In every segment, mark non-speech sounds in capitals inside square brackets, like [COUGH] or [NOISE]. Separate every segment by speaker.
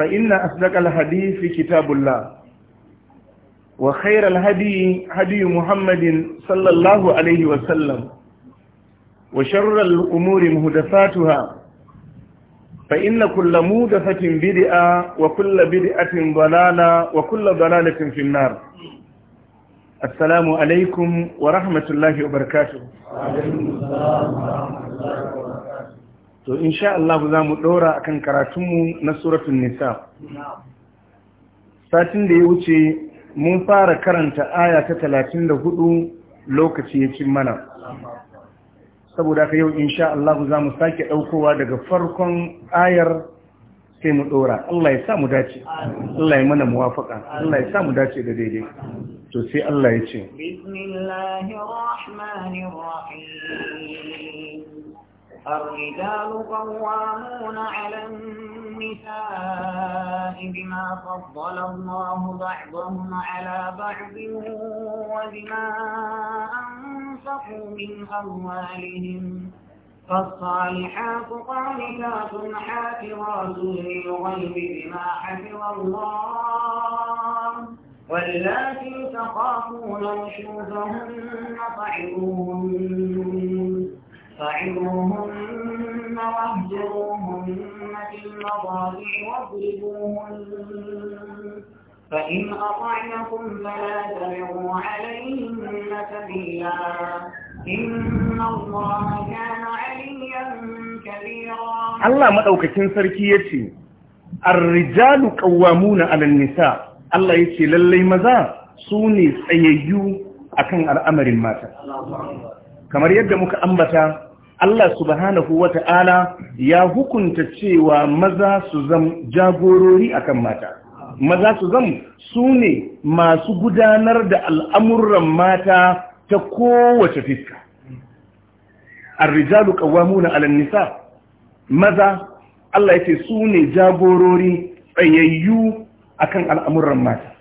Speaker 1: فإن أصدق الحديث كتاب الله وخير الهدي هدي محمد صلى الله عليه وسلم وشر الأمور مهدفاتها فإن كل مودفة بدئة وكل بدئة ضلالة وكل ضلالة في النار السلام عليكم ورحمة الله وبركاته
Speaker 2: وعليكم السلام ورحمة الله وبركاته
Speaker 1: to insha Allah za mu ɗora a kan karatunmu na suratun nisa satin da ya wuce mun fara karanta aya ta talatin da hudu lokaci ya cin mana saboda ka yau insha Allah za mu sake ɗaukowa daga farkon ayar sai mu ɗora Allah ya sa mu dace Allah ya mana muwafaka Allah ya sa mu dace da daidai to sai Allah ya ce
Speaker 3: الرجال قوامون على النساء بما فضل الله بعضهم على بعض وبما أنفقوا من أموالهم فالصالحات قانتات حافظات للغيب بما حفظ الله واللاتي تخافون نشوزهن فعلوهن فعظوهن واهجروهن في المضاجع واضربوهن فإن أطعنكم فلا تبعوا عليهن سبيلا إن الله كان عليا
Speaker 1: Allah maɗaukakin sarki ya ce, Arrijalu ƙawamuna alal nisa, Allah ya ce lallai maza su ne tsayayyu akan al’amarin mata. Kamar yadda muka ambata Allah subhanahu wata'ala ya hukunta cewa maza su zam jagorori akan mata maza su zam su ne masu gudanar da al'amuran mata ta kowace fiska arrijalu qawwamuna 'alan nisa maza Allah yake su ne jagorori tsayayyu akan al'amuran mata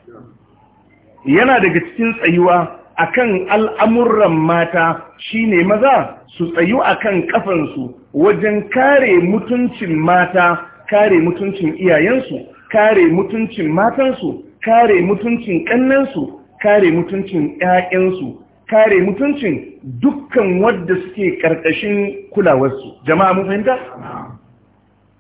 Speaker 1: yana daga cikin tsayuwa akan al'amuran mata shi ne maza su tsayu a kan kafansu wajen kare mutuncin mata kare mutuncin iyayensu kare mutuncin matansu kare mutuncin ƙannensu, kare mutuncin 'ya'yansu kare mutuncin dukkan wadda suke ƙarƙashin kulawarsu jama'a mun fahimta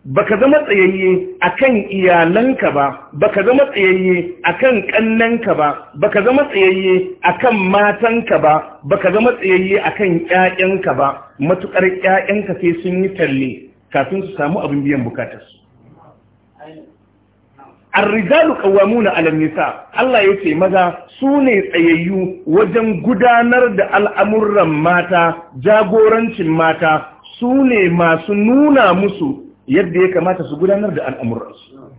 Speaker 1: baka zama tsayayye kan iyalanka ba baka zama tsayayye kan ƙannenka ba baka zama tsayayye kan matanka ba baka zama tsayayye kan ƴaƴanka ba matuƙar ƴaƴanka sai sun yi talle kafin su samu abin biyan A arrijalu qawwamuna 'ala nisa Allah ya ce maza su ne tsayayyu wajen gudanar da al'amuran mata jagorancin mata su ne masu nuna musu yadda ya kamata su gudanar da al'amuransu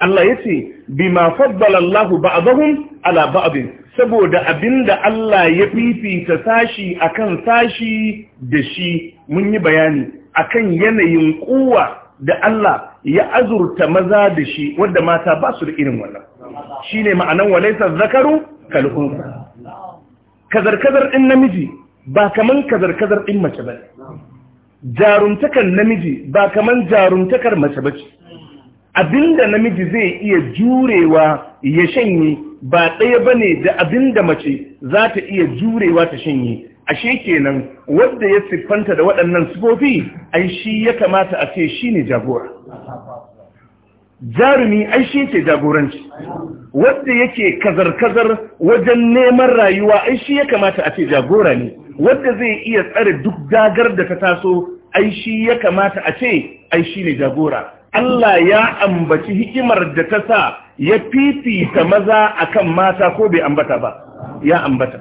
Speaker 1: Allah ya ce bima faddala Allah ba'dahum ala ba'din saboda abinda Allah ya fifita sashi akan sashi da shi mun yi bayani akan yanayin kuwa da Allah ya azurta maza da shi wadda mata ba su da irin wannan shine ma'anan walaisa zakaru kalhunsa kazar kazar ɗin namiji ba kaman kazar kazar ɗin mace ne. jarumtakar namiji ba kaman jarumtakar mace ba abin abinda namiji zai iya jurewa ya shanye ba ɗaya ba ne da abinda mace za ta iya jurewa ta shanye ashe kenan wadda ya siffanta da waɗannan sufofi, ai shi ya kamata a ce shi ne jagora jarumi ai shi ke jagoranci wanda yake kazar-kazar wajen neman rayuwa ai shi ya kamata a ce jagora ne wanda zai iya tsare duk dagar da ta taso ai shi ya kamata a ce ai shi ne jagora Allah ya ambaci hikimar da ta sa ya fifita maza akan mata ko bai ambata ba ya ambata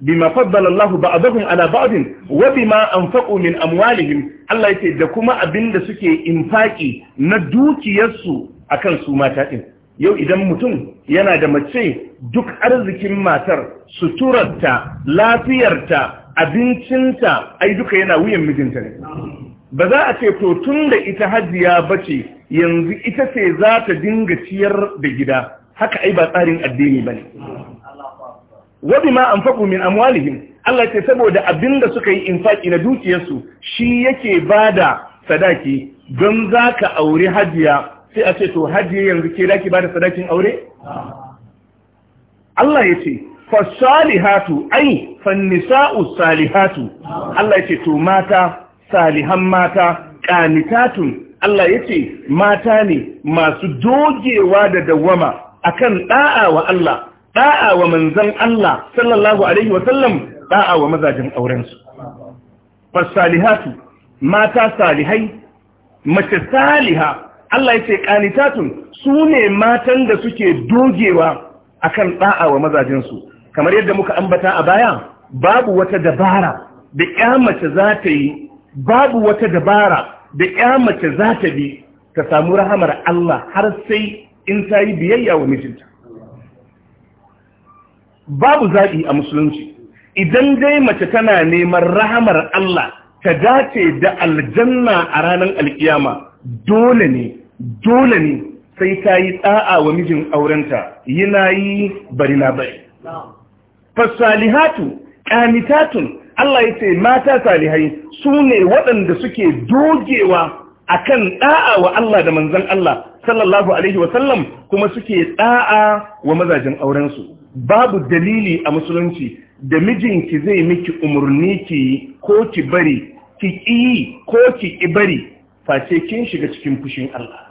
Speaker 1: bima faddala Allah ba'dahum ala ba'din wa bima anfaqu min amwalihim Allah yake da kuma abinda suke infaki na dukiyarsu akan su mata din yau idan mutum yana da mace duk arzikin matar suturarta lafiyarta abincinta ai duka yana wuyan mijinta ne ba za a ce to tun da ita hajiya ce, yanzu ita ce za ta dinga ciyar da gida haka ai ba tsarin addini ba ne wabi ma an faɓo min amwalihim Allah ce saboda abin da suka yi infaƙi na dukiyarsu shi yake ba da sadaki don za ka aure hajiya sai a ce to hajji yanzu ke daki ba da sadakin aure Allah ya ce fasalihatu ai fannisa'u salihatu Allah ya ce to mata salihan mata kanitatun, Allah ya ce mata ne masu dogewa da dawama akan da'a wa Allah da'a wa manzon Allah sallallahu alaihi wa sallam da'a wa mazajin aurensu fasalihatu mata salihai mace saliha Allah ya ce ƙanitatun su ne matan da suke dogewa akan da'a wa mazajinsu kamar yadda muka ambata a baya babu wata dabara da kyamace za ta yi babu wata dabara da kyamace za ta bi ta samu rahamar Allah har sai in ta yi biyayya wa mijinta babu zaɓi a musulunci idan dai mace tana neman rahamar Allah ta dace da aljanna a ranar alkiyama dole ne dole ne sai ta yi tsa'a wa mijin aurenta yana yi bari na bari fasalihatu qanitatun Allah ya ce mata salihai su ne waɗanda suke dogewa akan ɗa'a wa Allah da manzan Allah sallallahu alaihi wa kuma suke ɗa'a wa mazajen aurensu babu dalili a musulunci da mijinki zai miki umarni ki ko ki bari ki ƙi ko ki ƙi bari face kin shiga cikin fushin Allah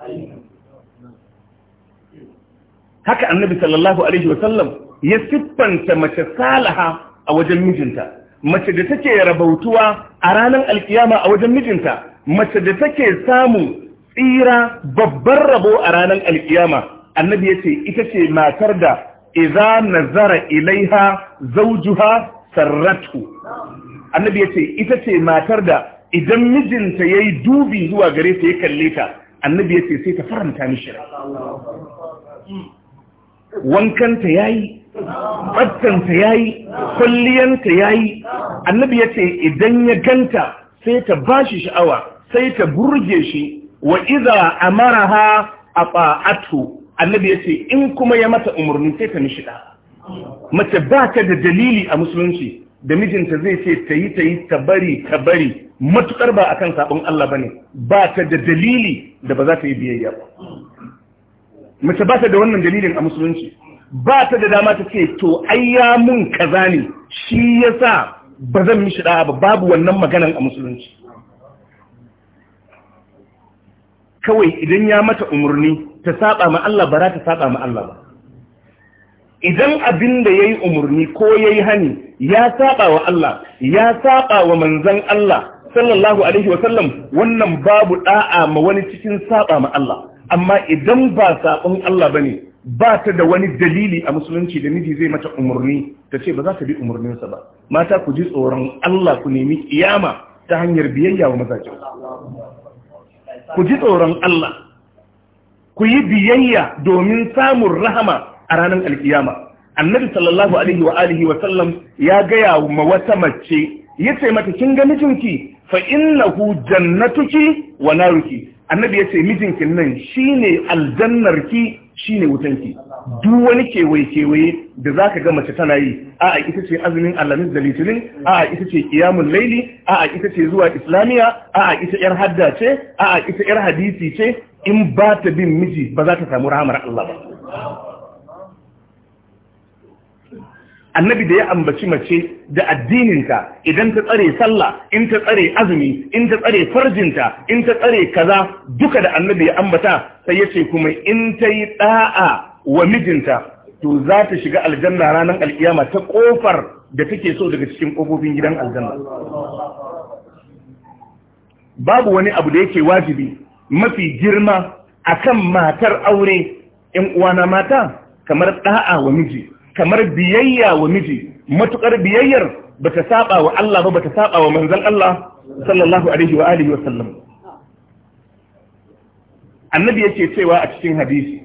Speaker 1: haka annabi sallallahu alaihi wasallam ya siffanta mace salaha a wajen mijinta mace da take rabautuwa a ranar alkiyama a wajen mijinta mace da take samun tsira babban rabo a ranar alkiyama annabi ya ce ita ce matar da iza nazara ilaiha zaujuha sarratu annabi ya ce ita ce matar da idan mijinta ya yi dubi zuwa gare ta ya kalle ta annabi ya ce sai ta faranta mishi wankanta ya yi ɓattanta ya yi kwalliyanta ya yi annabi ya ce idan ya ganta sai ta ba shi sha'awa sai ta burge shi wa iza mara ha a ɓa'atu annabi ya ce in kuma ya mata umarni sai ta mishi ɗa mace ba ta da dalili a musulunci da mijinta zai ce ta yi ta yi ta bari ta bari Matuƙar ba a kan sabon Allah ba ne. ba ta da dalili da ba za ta yi biyayya ba mace ba ta da wannan dalilin a musulunci ba ta da dama ta ce to ai ya mun kaza ne shi ya sa ba zan mishi da'a ba babu wannan maganan a musulunci kawai idan ya mata umarni ta saba ma Allah ba ta saba ma Allah ba idan abin da ya yi umarni ko ya yi hani ya saba wa Allah ya saba wa manzan Allah sallallahu alaihi wa sallam wannan babu da'a ma wani cikin saba ma Allah amma idan ba sabon Allah bane ba ta da wani dalili a musulunci da miji zai mata umarni ta ce ba za ta bi umarninsa ba mata ku ji tsoron Allah ku nemi kiyama ta hanyar biyayya wa mazajen ku ji tsoron Allah ku yi biyayya domin samun rahama a ranar alkiyama annabi sallallahu alaihi wa alihi wa sallam ya gaya ma wata mace yace mata kin ga mijinki fa innahu jannatuki wa naruki annabi yace mijinki nan shine aljannarki shine wutanki duk wani kewaye kewaye da zaka ga mace tana yi a'a ita ce azumin alamin da litinin a'a ita ce qiyamul laili a'a ita ce zuwa islamiya a'a ita yar hadda ce a'a ita yar hadisi ce in ba ta bin miji ba za ta samu rahamar Allah
Speaker 2: ba
Speaker 1: annabi da ya ambaci mace da addininta idan ta tsare sallah in ta tsare azumi in ta tsare farjinta in ta tsare kaza duka da annabi ya ambata sai ya ce kuma in ta yi da'a wa mijinta to za ta shiga aljanna ranar alkiyama ta kofar da take so daga cikin kofofin gidan aljanna babu wani abu da yake wajibi mafi girma akan matar aure in uwana mata kamar da'a wa miji kamar biyayya wa miji matukar biyayyar bata saba wa Allah ba bata saba wa manzal Allah sallallahu alaihi wa alihi wa sallam annabi yake cewa a cikin hadisi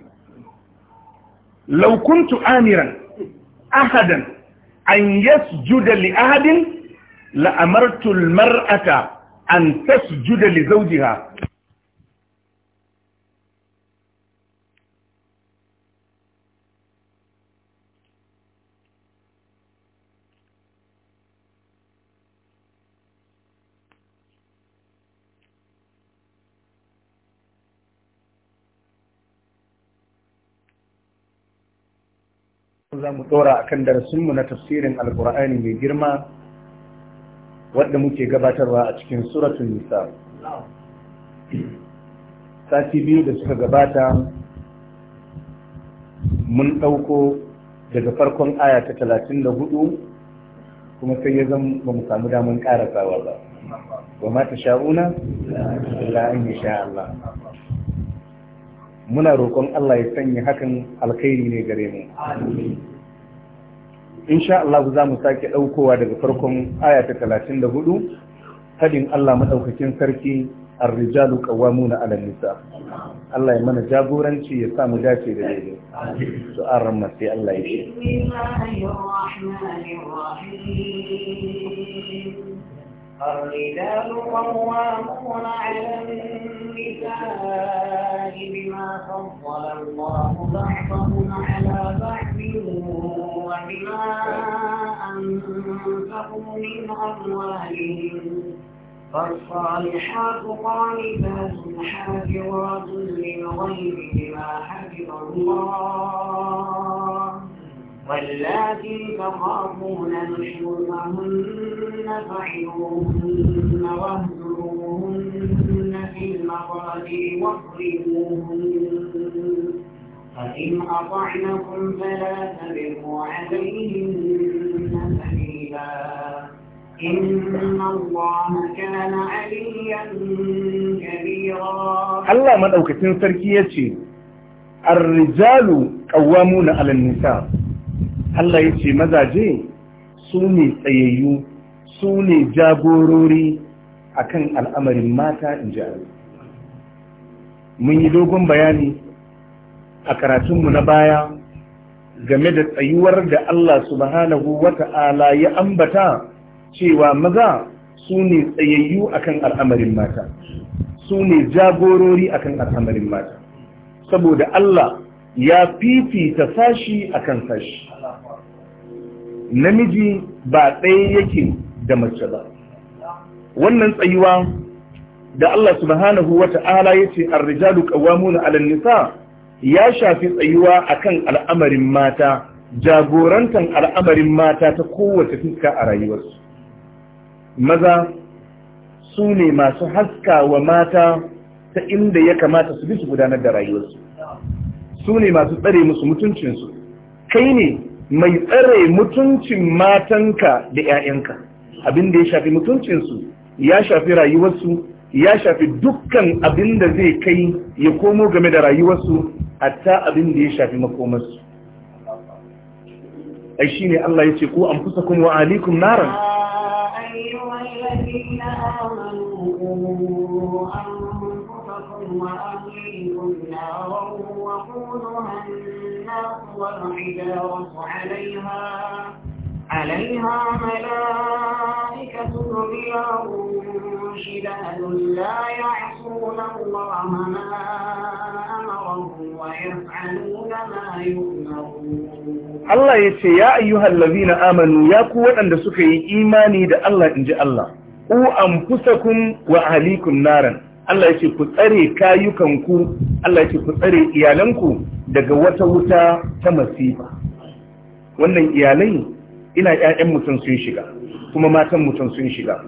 Speaker 1: law kuntu amiran ahadan an yasjuda li ahadin la amartu al mar'ata an tasjuda li zawjiha za mu ɗora a kan darasinmu na tafsirin Alƙur'ani mai girma wadda muke gabatarwa a cikin suratun nisa sati biyu da suka gabata mun ɗauko daga farkon aya ta talatin da hudu kuma sai ya zama bamu mu samu damar ƙarasawa ba wa ma ta sha'una illa ya sha Allah muna roƙon Allah ya sanya hakan alkhairi ne gare mu insha Allah za mu sake ɗaukowa daga farkon aya ta talatin da hudu haɗin Allah maɗaukakin sarki ar rijalu qawwamu na ala nisa Allah ya mana jagoranci ya sa mu dace da dai to aran mace Allah ya ce.
Speaker 3: بما أنفقوا من أموالهم فالصالحات قانتات حافظات للغيب بما حفظ الله واللاتي تخافون نشوزهن فعلوهن واهجروهن في المضاجع واضربوهن فإن أطعنكم فلا تبقوا عليهم سبيلا إن الله كان عليا كبيرا
Speaker 1: الله من أوكتين تركيتي الرجال قوامون على النساء Allah ya ce mazaje su ne tsayayyu su ne jagorori akan al'amarin mata in ji mun yi dogon bayani a karatunmu na baya game da tsayuwar da Allah subhanahu wa ta'ala ya ambata cewa maza su ne tsayayyu akan al'amarin mata su ne jagorori akan al'amarin mata saboda Allah ya fifita sashi akan sashi namiji ba ɗaya yake da mace ba wannan tsayuwa da Allah subhanahu wa ta'ala ya ce arrijalu qawwamuna 'alan nisa' ya shafi tsayuwa a kan al'amarin mata jagorantan al'amarin mata ta kowace fuska a rayuwarsu maza su ne masu haska wa mata ta inda ya kamata su bisu gudanar da rayuwarsu su ne masu tsare musu mutuncinsu kai ne mai tsare mutuncin matanka da 'ya'yanka abin da ya shafi mutuncinsu ya shafi rayuwarsu ya shafi dukkan abin da zai kai ya komo game da rayuwarsu hatta abin da ya shafi makomarsu ai shi ne Allah ya ce ku an fusa kuma alikum naran
Speaker 3: وقودها الناس والحجارة عليها عليها ملائكة غلاظ شداد لا يعصون الله ما أمرهم ويفعلون ما يؤمرون
Speaker 1: Allah ya ce, Ya ayyuhan lazina amanu ya ku waɗanda suka yi imani da Allah in ji Allah, U an kun wa ahalikun naran, Allah ya ce ku tsare kayukanku, Allah ya ce ku tsare iyalanku daga wata wuta ta masifa. Wannan iyalai ina ƴaƴan mutum sun shiga kuma matan mutum sun shiga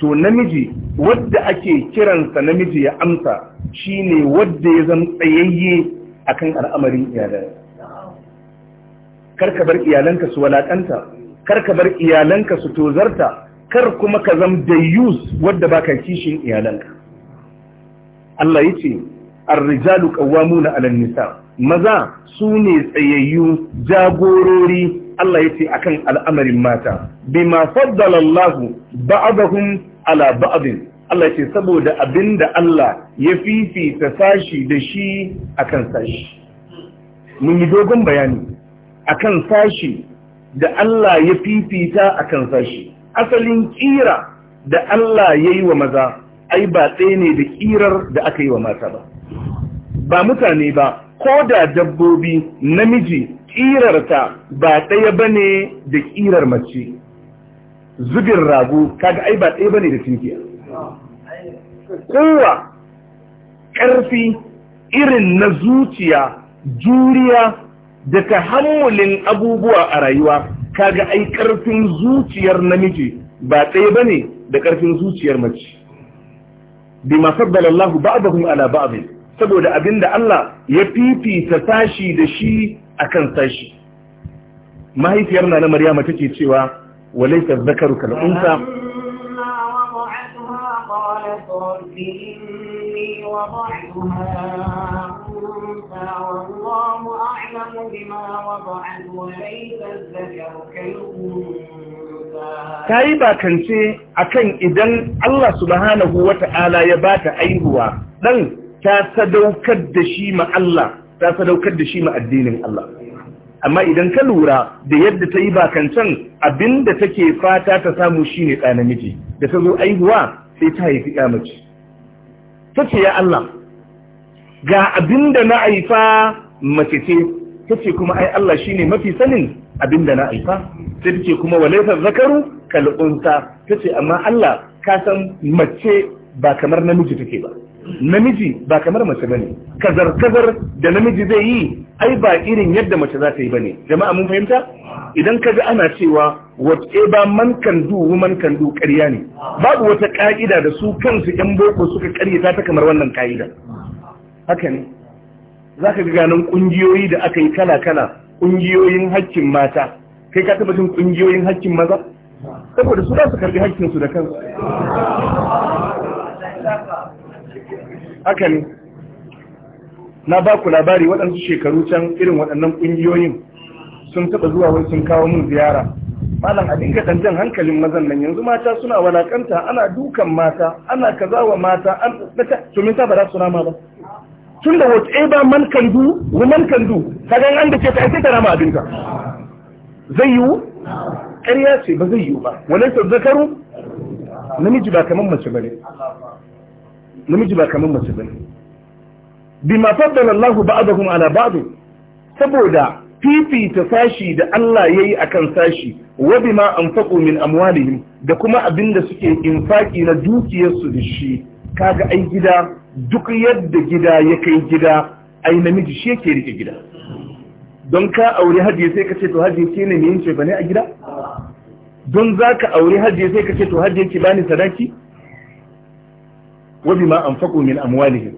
Speaker 1: to namiji wadda ake kiransa namiji ya amsa shine wadda ya zama tsayayye a kan al'amarin iyalan ka bar iyalanka su walaƙanta, kar ka bar iyalanka su tozarta kar kuma ka zam da yus wadda baka kishin iyalanka Allah yace ar-rijalu qawwamuna alan nisa maza su ne tsayayyu jagorori Allah yace akan al'amarin mata bima faddala Allah ba'dahum ala ba'd Allah yake saboda abinda Allah ya fifita sashi da shi akan sashi mun yi dogon bayani akan sashi da Allah ya fifita akan sashi asalin kira da Allah yayi wa maza ai ba ɗaya ne da kirar da aka yi wa mata ba ba mutane ba ko da dabbobi namiji ƙirarta ba ɗaya ba ne da ƙirar mace zubin rago kaga ai ba ɗaya ba ne da tunkiya kowa ƙarfi irin na zuciya juriya da tahammulin abubuwa a rayuwa kaga ai ƙarfin zuciyar namiji ba ɗaya ba ne da ƙarfin zuciyar mace bima sabbalallahu ba'dahum ala ba'd saboda abinda Allah ya fifita tashi da shi akan sashi mahaifiyar na na maryama take cewa walaysa zakaru kal ta yi bakance a kan idan Allah subhanahu wata'ala ya ba ta aihuwa ɗan ta sadaukar da shi ma Allah ta sadaukar da shi ma addinin Allah amma idan ka lura da yadda ta yi bakancan abinda take fata ta samu shine ɗa namiji da ta zo aihuwa sai ta haifi ɗa mace ta ce ya Allah ga abinda na haifa mace ce ta ce kuma ai Allah shine mafi sanin abinda na haifa sai ta ce kuma walaifar zakaru kal'unsa ta ce amma Allah ka san mace ba kamar namiji take ba namiji ba kamar mace bane kazar kazar da namiji zai yi ai ba irin yadda mace za ta yi bane jama'a mun fahimta idan ka ga ana cewa whatever man can do woman can do ƙarya ne babu wata ƙa'ida da su kansu yan boko suka ƙaryata ta kamar wannan ka'ida haka ne zaka ga ganin kungiyoyi da aka yi kala kala kungiyoyin haƙƙin mata kai ka taba jin kungiyoyin haƙƙin maza saboda su za su karbi haƙƙinsu da kansu haka ne na ba ku labari waɗansu shekaru can irin waɗannan ƙungiyoyin sun taɓa zuwa wani sun kawo mun ziyara malam a dinga ɗanjan hankalin mazan nan yanzu mata suna walakanta ana dukan mata ana kaza wa mata an to me ta ba za su rama ba tun da whatever man can do woman can do kaga an da ce ta sai ta rama abinka zai yiwu ƙarya ce ba zai yiwu ba walaisa zakaru namiji ba kamar mace ne. namiji ba kamar mace bane bima faddala Allah ba'dahum ala ba'd saboda fifita sashi da Allah yayi akan sashi wa bima anfaqu min amwalihim da kuma abinda suke infaki na dukiyarsu da shi kaga ai gida duk yadda gida ya kai gida ai namiji shi yake rike gida don ka aure hajiya sai ka ce to hajiya ke ne yin ce bane a gida don za ka aure hajiya sai ka ce to hajiya ke bani sadaki ma an anfaqu min amwalihim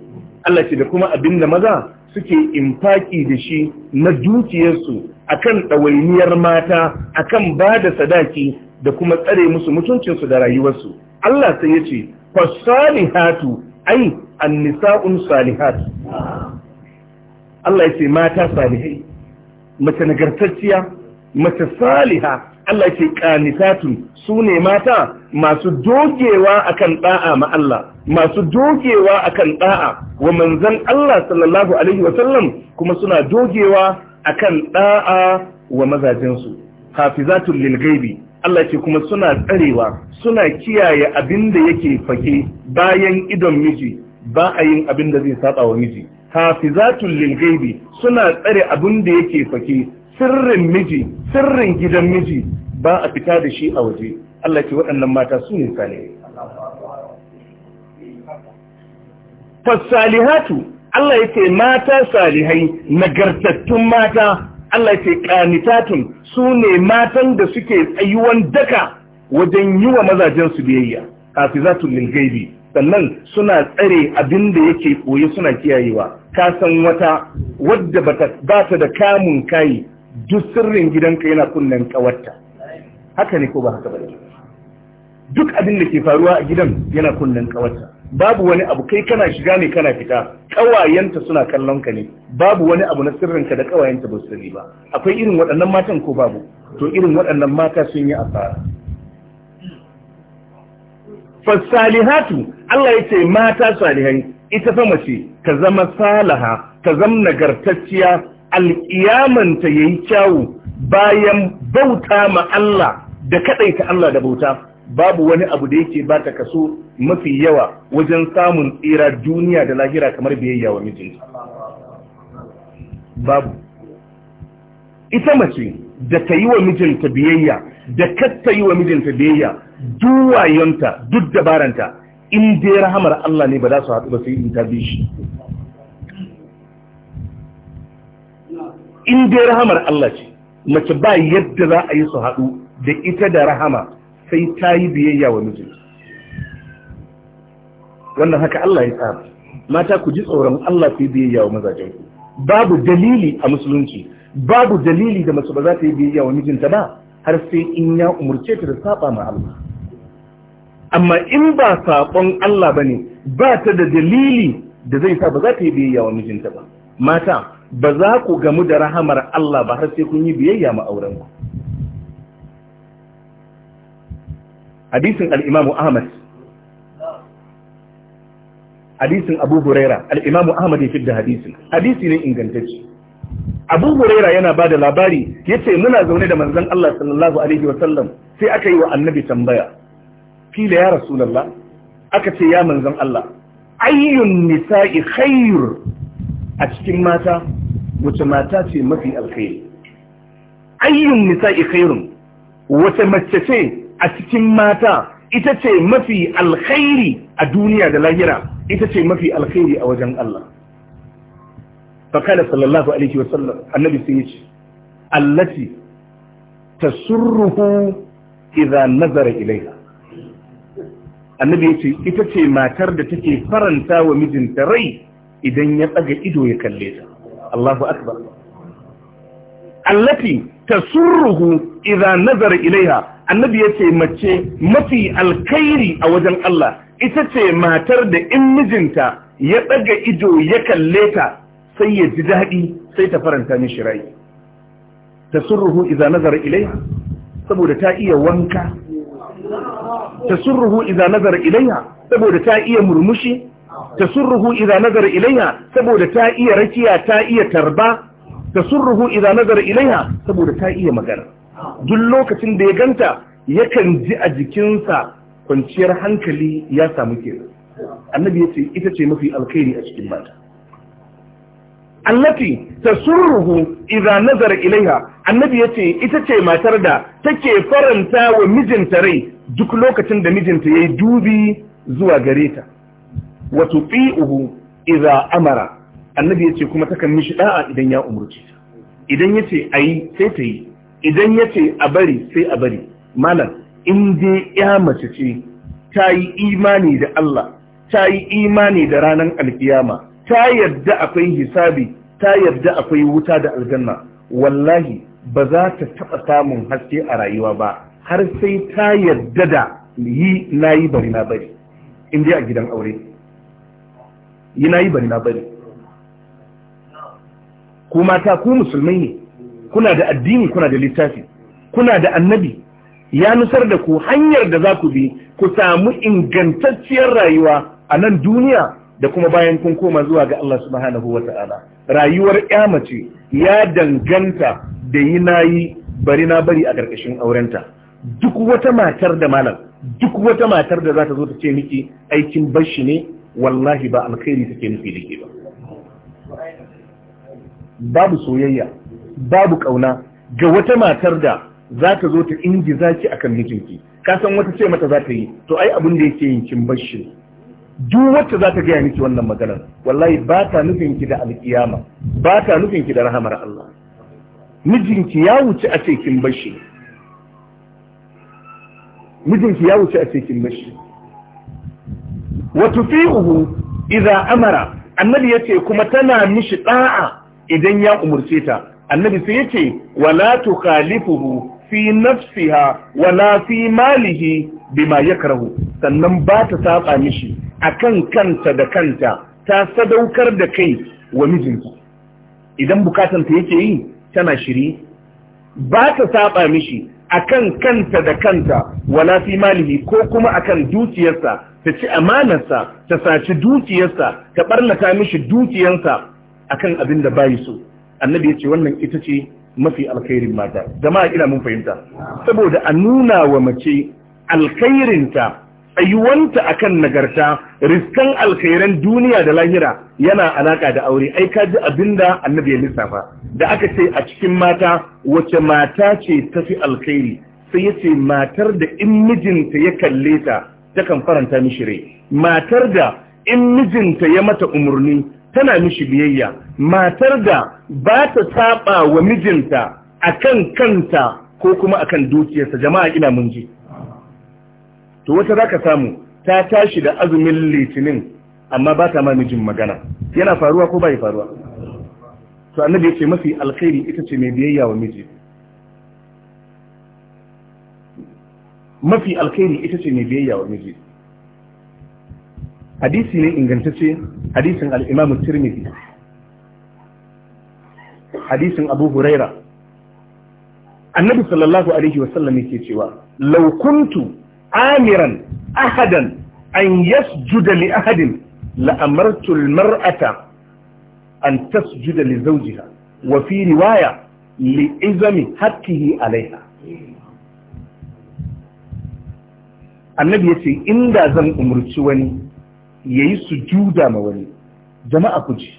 Speaker 1: Allah ce da kuma abin da maza suke infaki da shi na dukiyarsu akan ɗawainiyar mata akan ba da sadaki da kuma tsare musu mutuncinsu da rayuwarsu Allah sai ya ce fasalihatu ai annisa'un salihat Allah ya ce mata salihai mace nagartacciya mace saliha Allah ya ce qanitatun su ne mata masu dogewa akan da'a ma Allah masu dogewa akan ɗa'a wa manzan Allah sallallahu alaihi wasallam kuma suna dogewa akan da'a wa mazajensu hafizatul lil ghaibi Allah ce kuma suna tsarewa suna kiyaye abin da yake fake bayan idon miji ba a yin abin da zai saba wa miji hafizatul lil ghaibi suna tsare abin da yake fake sirrin miji sirrin gidan miji ba a fita da shi a waje Allah ce waɗannan mata su ne sale fasalihatu Allah ya ce mata salihai nagartattun mata Allah ya ce kanitatun su ne matan da suke tsayuwan daka wajen yi wa mazajensu biyayya hafizatun lil gaibi sannan suna tsare abin da yake koyi suna kiyayewa ka san wata wadda ba ta da kamun kai duk sirrin gidanka yana kunnen kawarta haka ne ko ba haka bane duk abin da ke faruwa a gidan yana kunnen kawarta babu wani abu kai kana shiga ne kana fita kawayenta suna kallon ka ne babu wani abu na sirrinka da kawayenta ba su sani ba akwai irin waɗannan matan ko babu to irin waɗannan mata sun yi asara fasalihatu Allah yace mata salihai ita fa mace ka zama salaha ka zama nagartacciya alƙiyamanta yayi kyawu bayan bauta ma Allah da kadaita Allah da bauta babu wani abu da yake ba ta kaso mafi yawa wajen samun tsira duniya da lahira kamar biyayya wa mijinta babu ita mace da ta yi wa mijinta biyayya da katta yi wa mijinta biyayya duwayonta duk dabaranta in dai rahamar Allah ne ba za su haɗu ba sai in ta bi shi in dai rahamar Allah ce mace ba yadda za a yi su haɗu da ita da rahama sai ta yi biyayya wa miji wannan haka Allah ya tsara mata ku ji tsoron Allah ku yi biyayya wa mazajen ku babu dalili a musulunci babu dalili da mace ba za ta yi biyayya wa mijinta ba har sai in ya umurce ta da saba ma Allah amma in ba saƙon Allah bane ba ta da dalili da zai sa ba za ta yi biyayya wa mijinta ba mata ba za ku gamu da rahamar Allah ba har sai kun yi biyayya ma aurenku. hadisin al-Imam Ahmad hadisin Abu Huraira Ahmad ya fidda hadisin hadisi ne ingantacce Abu Huraira yana ba da labari ce muna zaune da manzan Allah sallallahu alaihi wa sallam sai aka yi wa annabi tambaya fila ya rasulallah, aka ce ya manzon Allah ayyun nisa'i khair a cikin mata wace mata ce mafi alkhairi ayyun nisa'i khairun wace mace ce a cikin mata ita ce mafi alkhairi a duniya da lahira ita ce mafi alkhairi a wajen Allah fakala sallallahu alaihi wa sallam annabi sai yace allati tasurruhu idza nazara ilaiha annabi yace ita ce matar da take faranta wa mijinta rai idan ya tsaga ido ya kalle ta Allahu akbar allati tasurruhu idza nazara ilaiha annabi yace mace mafi alkhairi a wajen Allah ita ce matar da in mijinta ya daga ido ya kalle ta sai ya ji daɗi sai ta faranta mishi rai tasurruhu idza nazara ilaiha saboda ta iya wanka tasurruhu idza nazara ilaiha saboda ta iya murmushi tasurruhu idza nazara saboda ta iya rakiya ta iya tarba tasurruhu idza nazara saboda ta iya magana duk lokacin da ya ganta yakan ji a jikinsa kwanciyar hankali ya samu kenan annabi yace ita ce mafi alkhairi a cikin mata allati tasurruhu idza ilaiha annabi yace ita ce matar da take faranta wa mijinta rai duk lokacin da mijinta yayi dubi zuwa gareta. wa tuti'uhu iza amara annabi yace kuma takan mishi da'a idan ya umurce ta idan yace ayi sai ta yi idan yace a bari sai a bari malam in dai ya mace ce ta yi imani da Allah ta yi imani da ranar alkiyama ta yarda akwai hisabi ta yarda akwai wuta da aljanna wallahi ba za ta taɓa samun haske a rayuwa ba har sai ta yarda da yi na yi bari na bari in dai a gidan aure yi na yi bari na bari ku mata ku musulmai ne kuna da addini kuna da littafi kuna da annabi ya nusar da ku hanyar da za ku bi ku samu ingantacciyar rayuwa a nan duniya da kuma bayan kun koma zuwa ga Allah subhanahu wa ta'ala rayuwar mace ya danganta da yi na yi bari na bari a ƙarƙashin aurenta duk wata matar da malam duk wata matar da za ta zo ta ce miki aikin bashi ne wallahi ba alkhairi take nufi da ke ba babu soyayya babu kauna ga wata matar da za ta zo ta ingiza zaki akan mijinki ka san wata ce mata za ta yi to ai abin da yake yin kin bashi duk wacce za ta gaya miki wannan maganar wallahi ba ta nufin ki da alkiyama ba ta nufin ki da rahamar Allah mijinki ya wuce a ce kin bashi mijinki ya wuce a ce kin bashi wa tufi'uhu idza amara annabi yace kuma tana mishi ɗa'a idan ya umurce ta annabi sai yace wala tukhalifuhu fi nafsiha wala fi malihi bima yakrahu sannan ba ta saba mishi akan kanta da kanta ta sadaukar da kai wa mijinta idan bukatan ta yake yi tana shiri ba ta saba mishi akan kanta da kanta wala fi malihi ko kuma akan dukiyarsa ta ci amanarsa ta saci dukiyarsa ta barnata mishi dukiyarsa akan abin da bayi so annabi ya ce wannan ita ce mafi alkhairin mata jama'a ina mun fahimta saboda a nuna wa mace alkhairinta tsayuwanta akan nagarta riskan alkhairan duniya da lahira yana alaka da aure ai ka ji abinda annabi ya lissafa da aka ce a cikin mata wace mata ce tafi alkhairi sai yace matar da in mijinta ya kalle ta takan faranta mishi rai matar da in mijinta ya mata umarni tana mishi biyayya matar da ba ta saba wa mijinta akan kanta ko kuma akan dukiyarsa jama'a ina mun ji to wata zaka samu ta tashi da azumin litinin amma ba ta ma mijin magana yana faruwa ko bai faruwa to annabi ya ce mafi alkhairi ita ce mai biyayya wa miji mafi alkhairi ita ce mai biyayya wa miji hadisi ne ingantacce hadisin al Tirmidhi hadisin Abu Huraira annabi sallallahu alaihi wasallam yake cewa law kuntu amiran ahadan an yasjuda li ahadin la amartu an tasjuda li zawjiha wa fi riwaya li izami haqqihi alaiha annabi ya ce inda zan umarci wani ya yi su juda ma wani jama'a ku ji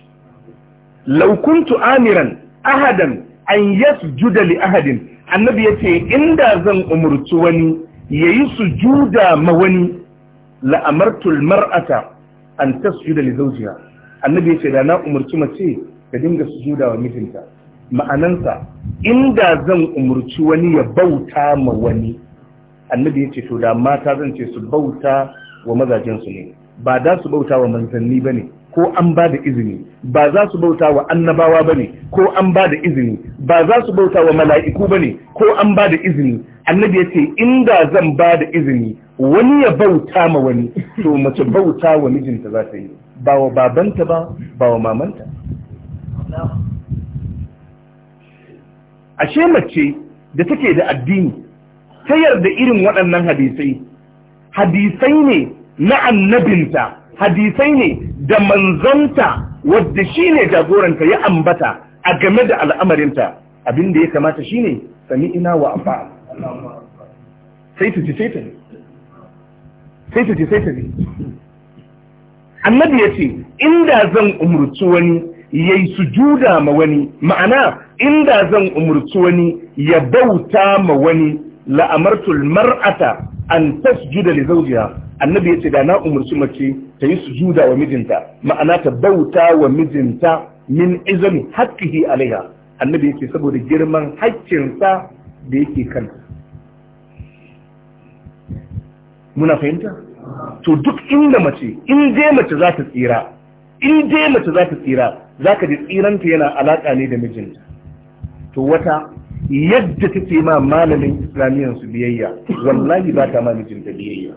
Speaker 1: laukuntu amiran ahadan an juda li ahadin annabi ya ce inda zan umarci wani ya yi su juda ma wani la'amartul mar'ata an ta juda li zaujiya. annabi ya ce da na umarci mace ta dinga sujuda wa mijinta ma'anansa inda zan umarci wani ya bauta ma wani annabi ya ce to da mata zan ce su bauta wa mazajensu ne ba da su bauta wa manzanni ba ne ko an ba da izini ba za su bauta wa annabawa ba ne ko an ba da izini ba za su bauta wa mala'iku ba ne ko an ba da izini annabi ya ce inda zan ba da izini wani ya bauta ma wani to mace bauta wa mijinta za ta yi ba wa babanta ba ba wa mamanta ashe mace da take da addini ta yarda irin waɗannan hadisai hadisai ne na annabinta hadisai ne da manzanta wadda shi ne jagoranta ya ambata a game da al'amarinta abin da ya kamata shi ne sami ina wa abba sai ta sai ta sai annabi ya ce inda zan umurci wani ya yi sujuda ma wani ma'ana inda zan umurci wani ya bauta ma wani la'amartul mar'ata an tasjuda li zawjiha annabi yace da na umurci mace ta yi sujuda wa mijinta ma'ana ta bauta wa mijinta min izni haqqihi alaiha annabi yace saboda girman sa da yake kanta muna fahimta to duk inda mace in je mace za ta tsira in je mace za ta tsira zaka ji tsiranta yana alaƙa ne da mijinta to wata yadda take ma malamin islamiyan su biyayya wallahi ba ta ma mijinta biyayya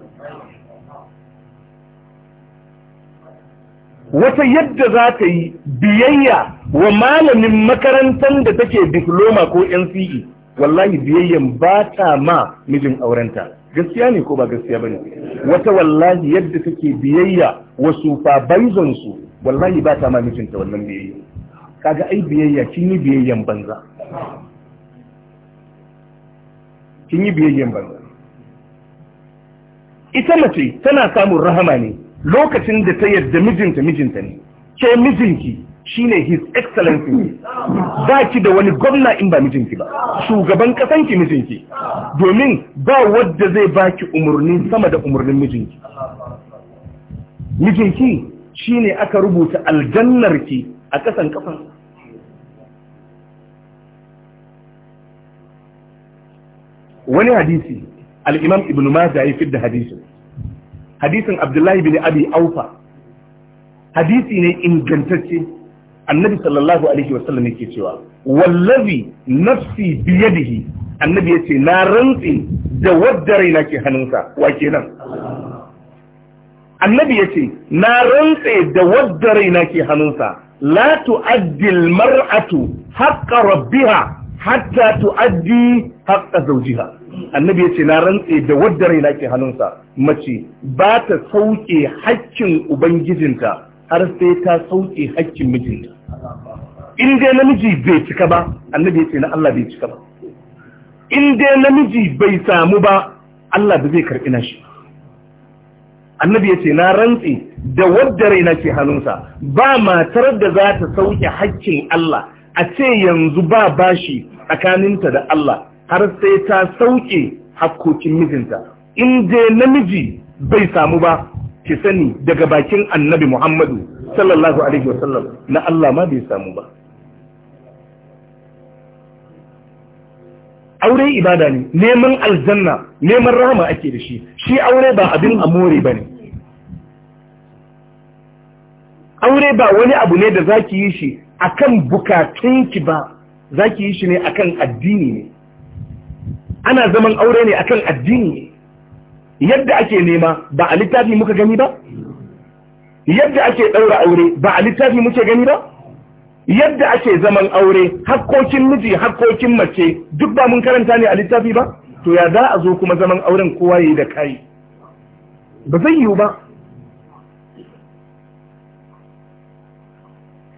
Speaker 1: wata yadda za ta yi biyayya wa malamin makarantar da take diploma ko NCE wallahi biyayyan ba ta ma mijin aurenta gaskiya ne ko ba gaskiya ne? wata wallahi yadda take biyayya wa supervisor su wallahi ba ta ma mijinta wannan biyayya kaga ai biyayya kin yi biyayyan banza kin yi biyayyen banza ita mace tana samun rahama ne lokacin da ta yarda mijinta mijinta ne ke mijinki shine his excellency ne ba ki da wani gwamna in ba mijinki ba shugaban kasanki mijinki domin ba wadda zai baki umarni sama da umarnin mijinki mijinki shine aka rubuta aljannarki a kasan kafan wani hadisi al-imam ibn majah ya fidda hadisin hadisin abdullahi bin abi aufa hadisi ne ingantacce annabi sallallahu alaihi wasallam yake cewa wallazi nafsi biyadihi annabi yace na rantsi da wadda raina ke hannunsa wa kenan annabi yace na rantse da wadda raina ke hannunsa la tu'addi al-mar'atu haqqa rabbiha hatta tu'addi haqqa zawjiha annabi yace na rantse da wadda raina ke hannunsa mace ba ta sauke haƙƙin ubangijinta har sai ta sauke haƙƙin mijinta in dai namiji bai cika ba annabi yace na Allah bai cika ba in dai namiji bai samu ba Allah ba zai karɓi na shi annabi yace na rantse da wadda raina ke hannunsa ba matar da za ta sauke haƙƙin Allah a ce yanzu ba bashi tsakaninta da Allah har sai ta sauke hakkokin mijinta in je namiji bai samu ba ki sani daga bakin annabi Muhammadu sallallahu alaihi wasallam na Allah ma bai samu ba aure ibada ne neman aljanna neman rahama ake da shi shi aure ba abin amore bane aure ba wani abu ne da zaki yi shi A akan bukatunki ba za ki yi shi ne a kan addini ne ana zaman aure ne a kan addini ne yadda ake nema ba a littafi muka gani ba yadda ake ɗaura aure ba a littafi muke gani ba yadda ake zaman aure hakkokin miji hakkokin mace duk ba mun karanta ne a littafi ba to ya za a zo kuma zaman auren kowa ya yi da kayi ba zai yiwu ba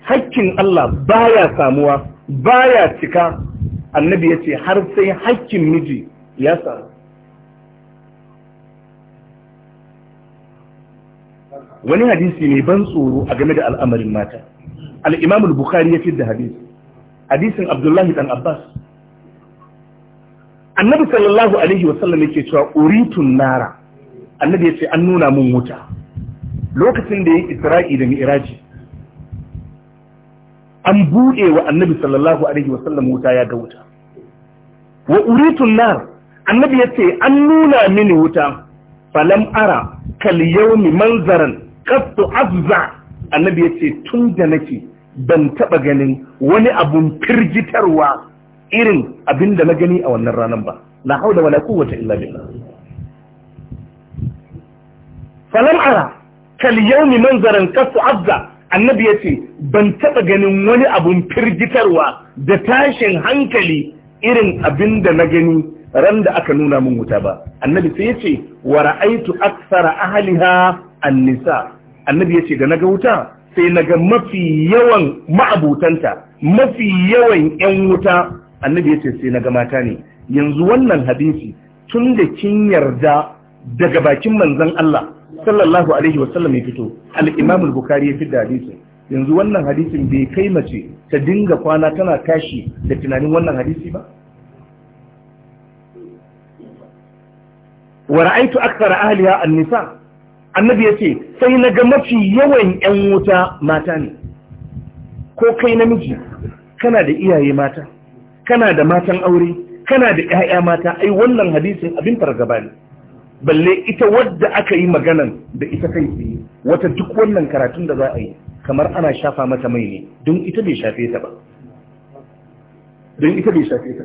Speaker 1: hakkin Allah baya samuwa baya cika annabi ya ce har sai hakkin miji ya samu wani hadisi ne ban tsoro a game da al'amarin mata al'imamul bukhari ya fi da hadisi hadisin abdullahi dan abbas annabi sallallahu alaihi wasallam yake cewa uritun nara annabi ya ce an nuna mun wuta lokacin da ya isra'i da mi'iraji an buɗe wa annabi sallallahu alaihi wasallam wuta ya ga wuta wa uritun nar annabi ya ce an nuna mini wuta falam ara kal yaumi manzaran qattu azza annabi ya ce tun da nake ban taɓa ganin wani abun firgitarwa irin abin da na gani a wannan ranar ba la da wala quwwata illa billah falam ara kal yaumi manzaran qattu azza annabi ya ce ban taɓa ganin wani abun firgitarwa da tashin hankali irin abin da na gani ran da aka nuna min wuta ba annabi sai ya ce wa ra'aitu aksara ahliha an-nisa annabi ya ce da naga wuta sai naga mafi yawan ma'abutanta mafi yawan yan wuta annabi ya ce sai naga mata ne yanzu wannan hadisi tun da kin yarda daga bakin manzon Allah sallallahu alaihi wasallam ya fito al-imam al-bukhari ya da hadisin yanzu wannan hadisin bai kai mace ta dinga kwana tana tashi da tunanin wannan hadisi ba wa ra'aytu akthara ahliha an-nisa annabi yace sai na ga mafi yawan ƴan wuta mata ne ko kai namiji kana da iyaye mata kana da matan aure kana da ƴaƴa mata ai wannan hadisin abin fargaba ne balle ita wadda aka yi maganan da ita kai tsaye wata duk wannan karatun da za a yi kamar ana shafa mata mai ne don ita bai shafe ta ba don ita bai shafe ta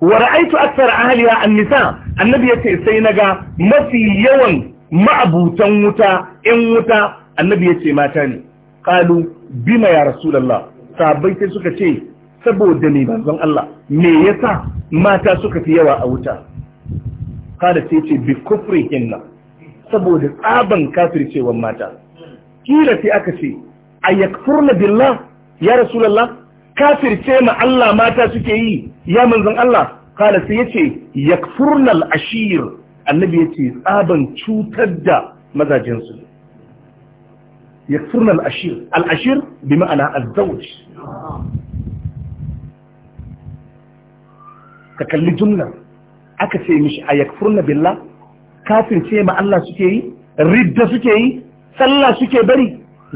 Speaker 1: wa ra'aitu akthar ahliha an-nisa annabi yace sai naga mafi yawan ma'abutan wuta in wuta annabi yace mata ne qalu bima ya rasulullah sabai sai suka ce saboda mai manzon Allah me yasa mata suka fi yawa a wuta kada sai ce bi hinna saboda tsaban kafircewar mata kila sai aka ce a yakfurna billah ya rasulullah kafirce ma Allah mata suke yi ya manzon Allah kada sai yace yakfurna al-ashir annabi yace tsaban cutar da su, yakfurna al-ashir al-ashir bi ma'ana az-zawj ka kalli jumla aka ce mishi a yakfurna billah kafin ce ma Allah suke yi ridda suke yi sallah suke bari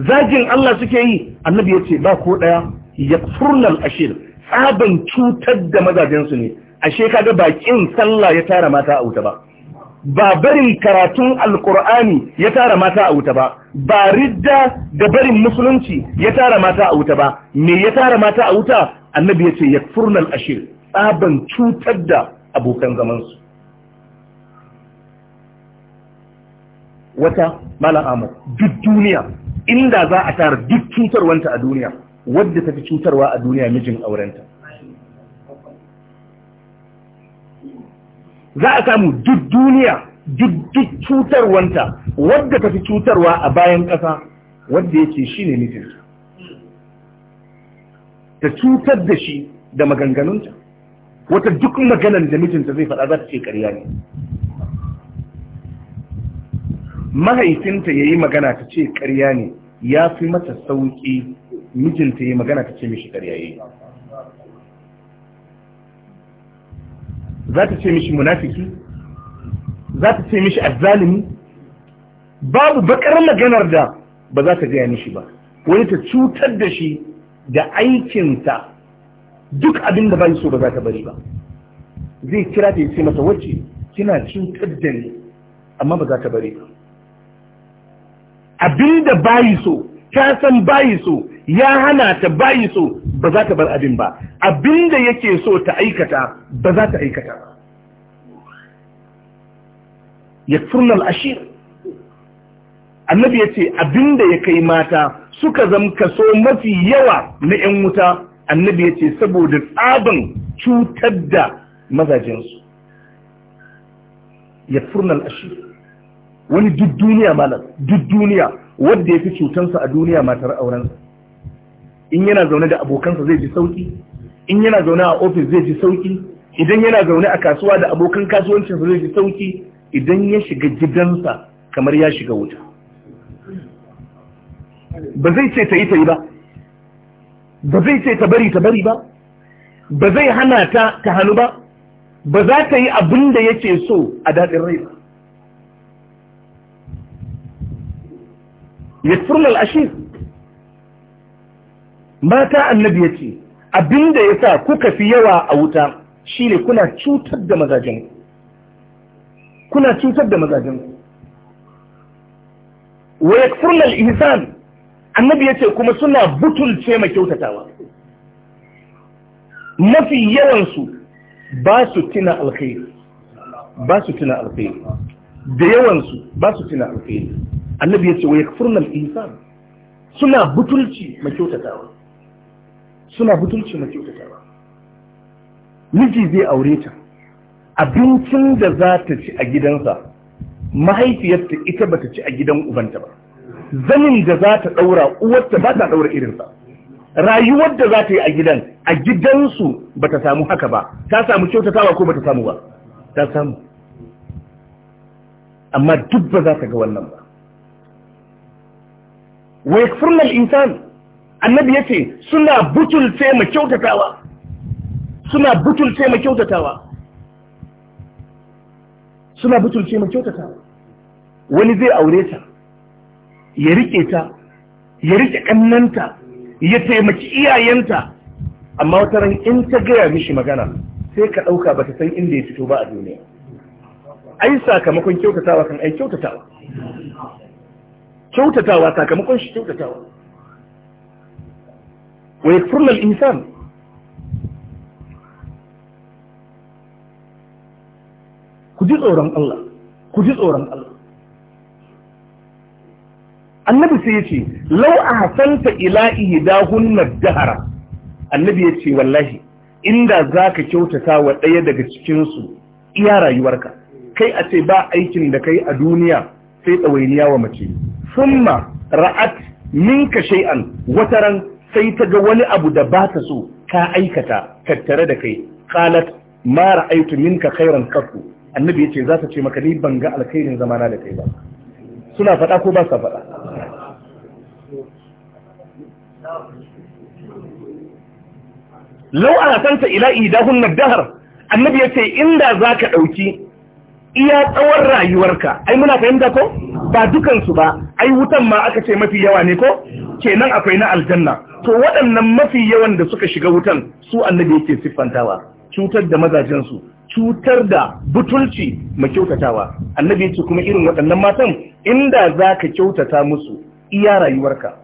Speaker 1: zagin Allah suke yi annabi ya ce ba ko ɗaya, yakfur na ashir tsaban cutar da mazajensu ne ashe kaga bakin sallah ya tara mata a wuta ba ba barin karatun alkur'ani ya tara mata a wuta ba ba ridda da barin musulunci ya tara mata a wuta ba me ya tara mata a wuta annabi ya ce ya furnal ashir tsaban cutar da abokan zamansu wata malam duk duniya inda za a tara duk cutarwanta a duniya wadda ta fi cutarwa a duniya mijin aurenta za a samu duk duniya duk cutarwanta wadda ta fi cutarwa a bayan ƙasa wadda yake shi ne mijinta ta cutar da shi da maganganunta wata duk maganar da mijinta zai faɗa za ta ce ƙarya ne mahaifinta ya yi magana ta ce ƙarya ne ya fi mata sauƙi mijinta ya yi magana ta ce mishi ƙarya yi za ta ce mishi munafiki za ta ce mishi azzalimi babu bakar maganar da ba za ta gaya mishi ba wani ta cutar da shi da aikinta duk abin da bai so ba za ta bari ba zai kira da ya ce mata wacce kina cutar da ni amma ba za ta bari ba abin da bai so ta san bai so ya hana ta bai so ba za ta bar abin ba abin da yake so ta aikata ba za ta aikata ba ya furnal ashir annabi yace ce abin da ya kai mata suka zama kaso mafi yawa na 'yan wuta annabi ya ce saboda tsaban cutar da mazajensu ya furnan ashi wani duk duniya malam duk duniya wadda ya fi cutansa a duniya matar aurensa in yana zaune da abokansa zai ji sauki in yana zaune a ofis zai ji sauki idan yana zaune a kasuwa da abokan kasuwancinsa zai ji sauki idan ya shiga gidansa kamar ya shiga wuta ba zai ce ta yi ta yi ba ba zai ce ta bari ta bari ba ba zai hana ta ta hannu ba ba za ta yi abin da yake so a daɗin rai ba furnal al'ashir mata annabi ya ce abin da ya sa kuka fi yawa a wuta shi ne kuna cutar da mazajen kuna cutar da mazajen wa furnal ihsan. annabi ya ce kuma suna butulce ma kyautatawa mafi yawansu ba su tuna alkhairi ba su tuna alkhairi da yawansu ba su tuna alkhairi annabi ya ce wa yakfurnal insan suna butulci ma kyautatawa suna butulci ma kyautatawa miji zai aure ta abincin da za ta ci a gidansa mahaifiyarta ita ba ta ci a gidan ubanta ba zanin da za ta ɗaura uwarta ba ta ɗaura irinsa rayuwar da za ta yi a gidan a gidansu ba ta samu haka ba ta samu kyautatawa ko ba ta samu ba ta samu amma duk ba za ta ga wannan ba Wai furnal insan annabi ce suna butulce ma kyautatawa suna butulce ma kyautatawa suna butulce ma kyautatawa wani zai aure ta ya rike ta ya rike ƙannanta, ya taimaki iyayenta amma wata ran in ta gaya mishi magana sai ka ɗauka ba ta san inda ya fito ba a duniya ai sakamakon kyautatawa kan ai kyautatawa kyautatawa sakamakon shi kyautatawa Wai yakfurna insan ku ji tsoron Allah ku ji tsoron Allah annabi sai ya ce lau a hasanta ila ihdahunna dahara annabi ya ce wallahi inda za ka kyautata wa ɗaya daga cikinsu iya rayuwarka kai a ce ba aikin da kai a duniya sai tsawainiya wa mace summa ra'at minka shay'an wataran sai ta ga wani abu da ba ta so ka aikata tattare da kai qalat ma ra'aytu minka khairan qattu annabi yace za ta ce maka ni ban ga alkhairin zamana da kai ba suna faɗa ko ba sa faɗa lau a santa ila idahun na dahar annabi ya ce inda za ka ɗauki iya tsawon rayuwarka ai muna fahimta ko ba dukansu ba ai wutan ma aka ce mafi yawa ne ko kenan akwai na aljanna to waɗannan mafi yawan da suka shiga wutan su annabi yake siffantawa cutar da mazajensu cutar da butulci ma kyautatawa annabi yake kuma irin waɗannan matan inda za ka kyautata musu iya rayuwarka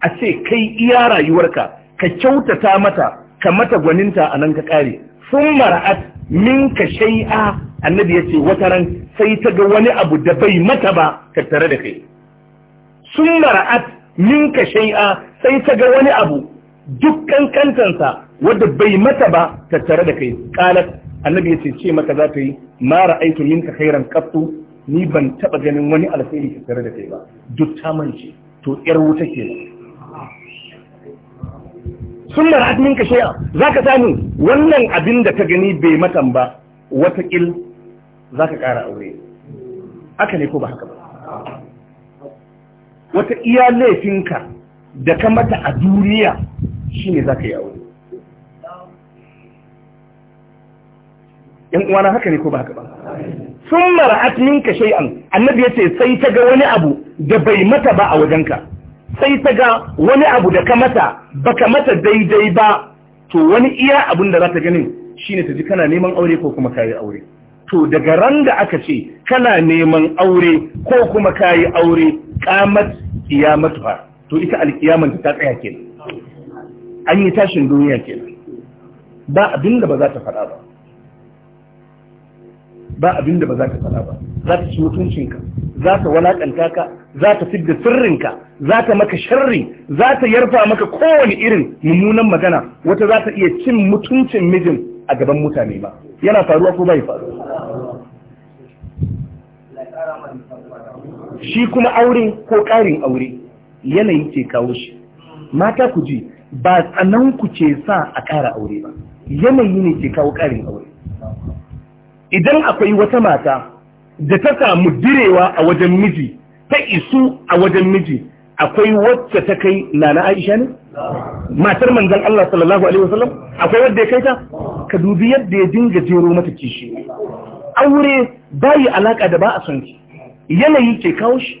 Speaker 1: a ce kai iya rayuwarka ka kyautata mata ka mata gwaninta a nan ka kare sun mara'at minka shai'a annabi ya ce wata ran sai ta ga wani abu da bai mata ba tattare da kai sun mara'at minka shai'a sai ta ga wani abu duk kankantansa wadda bai mata ba tattare da kai kalat annabi ya ce ce mata za ta yi mara ra'aitu minka khairan qattu ni ban taɓa ganin wani alkhairi tattare da kai ba duk ta mance to yar wuta kenan sun mara ka shaya za ka samu wannan abin da ka gani bai matan ba watakil za ka ƙara aure aka ne ko ba haka
Speaker 2: ba
Speaker 1: wata iya laifinka da ka mata a duniya shi ne za ka yi aure yan na haka ne ko ba haka ba sun mara ka shay'an annabi ya ce sai ta ga wani abu da bai mata ba a wajenka sai ta ga wani abu da ka mata baka mata daidai ba to wani iya abin da za ta ganin shine ta ji kana neman aure ko kuma kayi aure to daga ran da aka ce kana neman aure ko kuma kayi aure kiyamatu ha to ita alkiyaman ta tsaya kenan an yi tashin duniya kenan ba abin da ba za ta faɗa ba ba abin da ba za ta faɗa ba za ta ci mutuncinka za ta walakanta ka za ta fi da sirrinka za ta maka sharri za ta yarfa maka kowane irin mummunan magana wata za ta iya cin mutuncin mijin a gaban mutane ba yana faruwa ko bai faruwa shi kuma aure ko ƙarin aure yanayi ke kawo shi mata ku ji ba tsanan ku ce sa a ƙara aure ba yanayi ne ke kawo ƙarin aure idan akwai wata mata da ta samu direwa a wajen miji ta isu a wajen miji akwai wacce ta kai nana Aisha ne matar manzon Allah sallallahu alaihi wasallam akwai wadda ya kai ta ka dubi yadda ya dinga jero mata kishi aure bayi alaka da ba a son ki yanayi ke kawo shi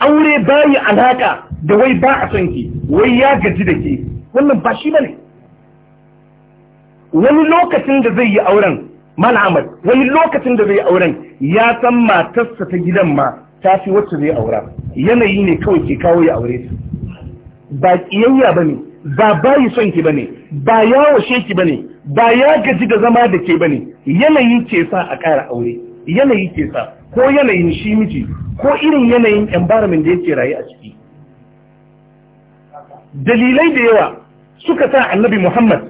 Speaker 1: aure bayi alaka da wai ba a son ki wai ya gaji da ke wannan ba shi bane wani lokacin da zai yi auren Ahmad, wani lokacin da zai yi auren ya san matarsa ta gidan ma ta fi wacce zai aura yanayi ne kawai ke kawo ya aure ta ba kiyayya ba ne ba bayi son ki ba ne ba ya washe ki ba ne ba ya gaji da zama da ke ba ne yanayi ke sa a ƙara aure yanayi ke sa ko yanayin shi miji ko irin yanayin environment da yake rayu a ciki dalilai da yawa suka sa annabi muhammad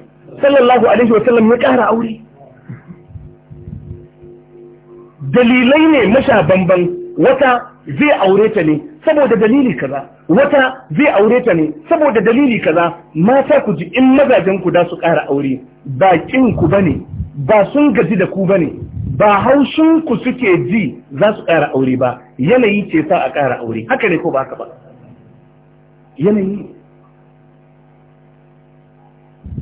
Speaker 1: sallallahu alaihi wasallam ya ƙara aure dalilai ne masha bamban wata zai aure ta ne saboda dalili kaza wata zai aure ta ne saboda dalili kaza mata ku ji in mazajen ku da su ƙara aure ba kin ku bane ba sun gaji da ku bane ba haushin ku suke ji za su ƙara aure ba yanayi ce sa a ƙara aure haka ne ko ba haka ba yanayi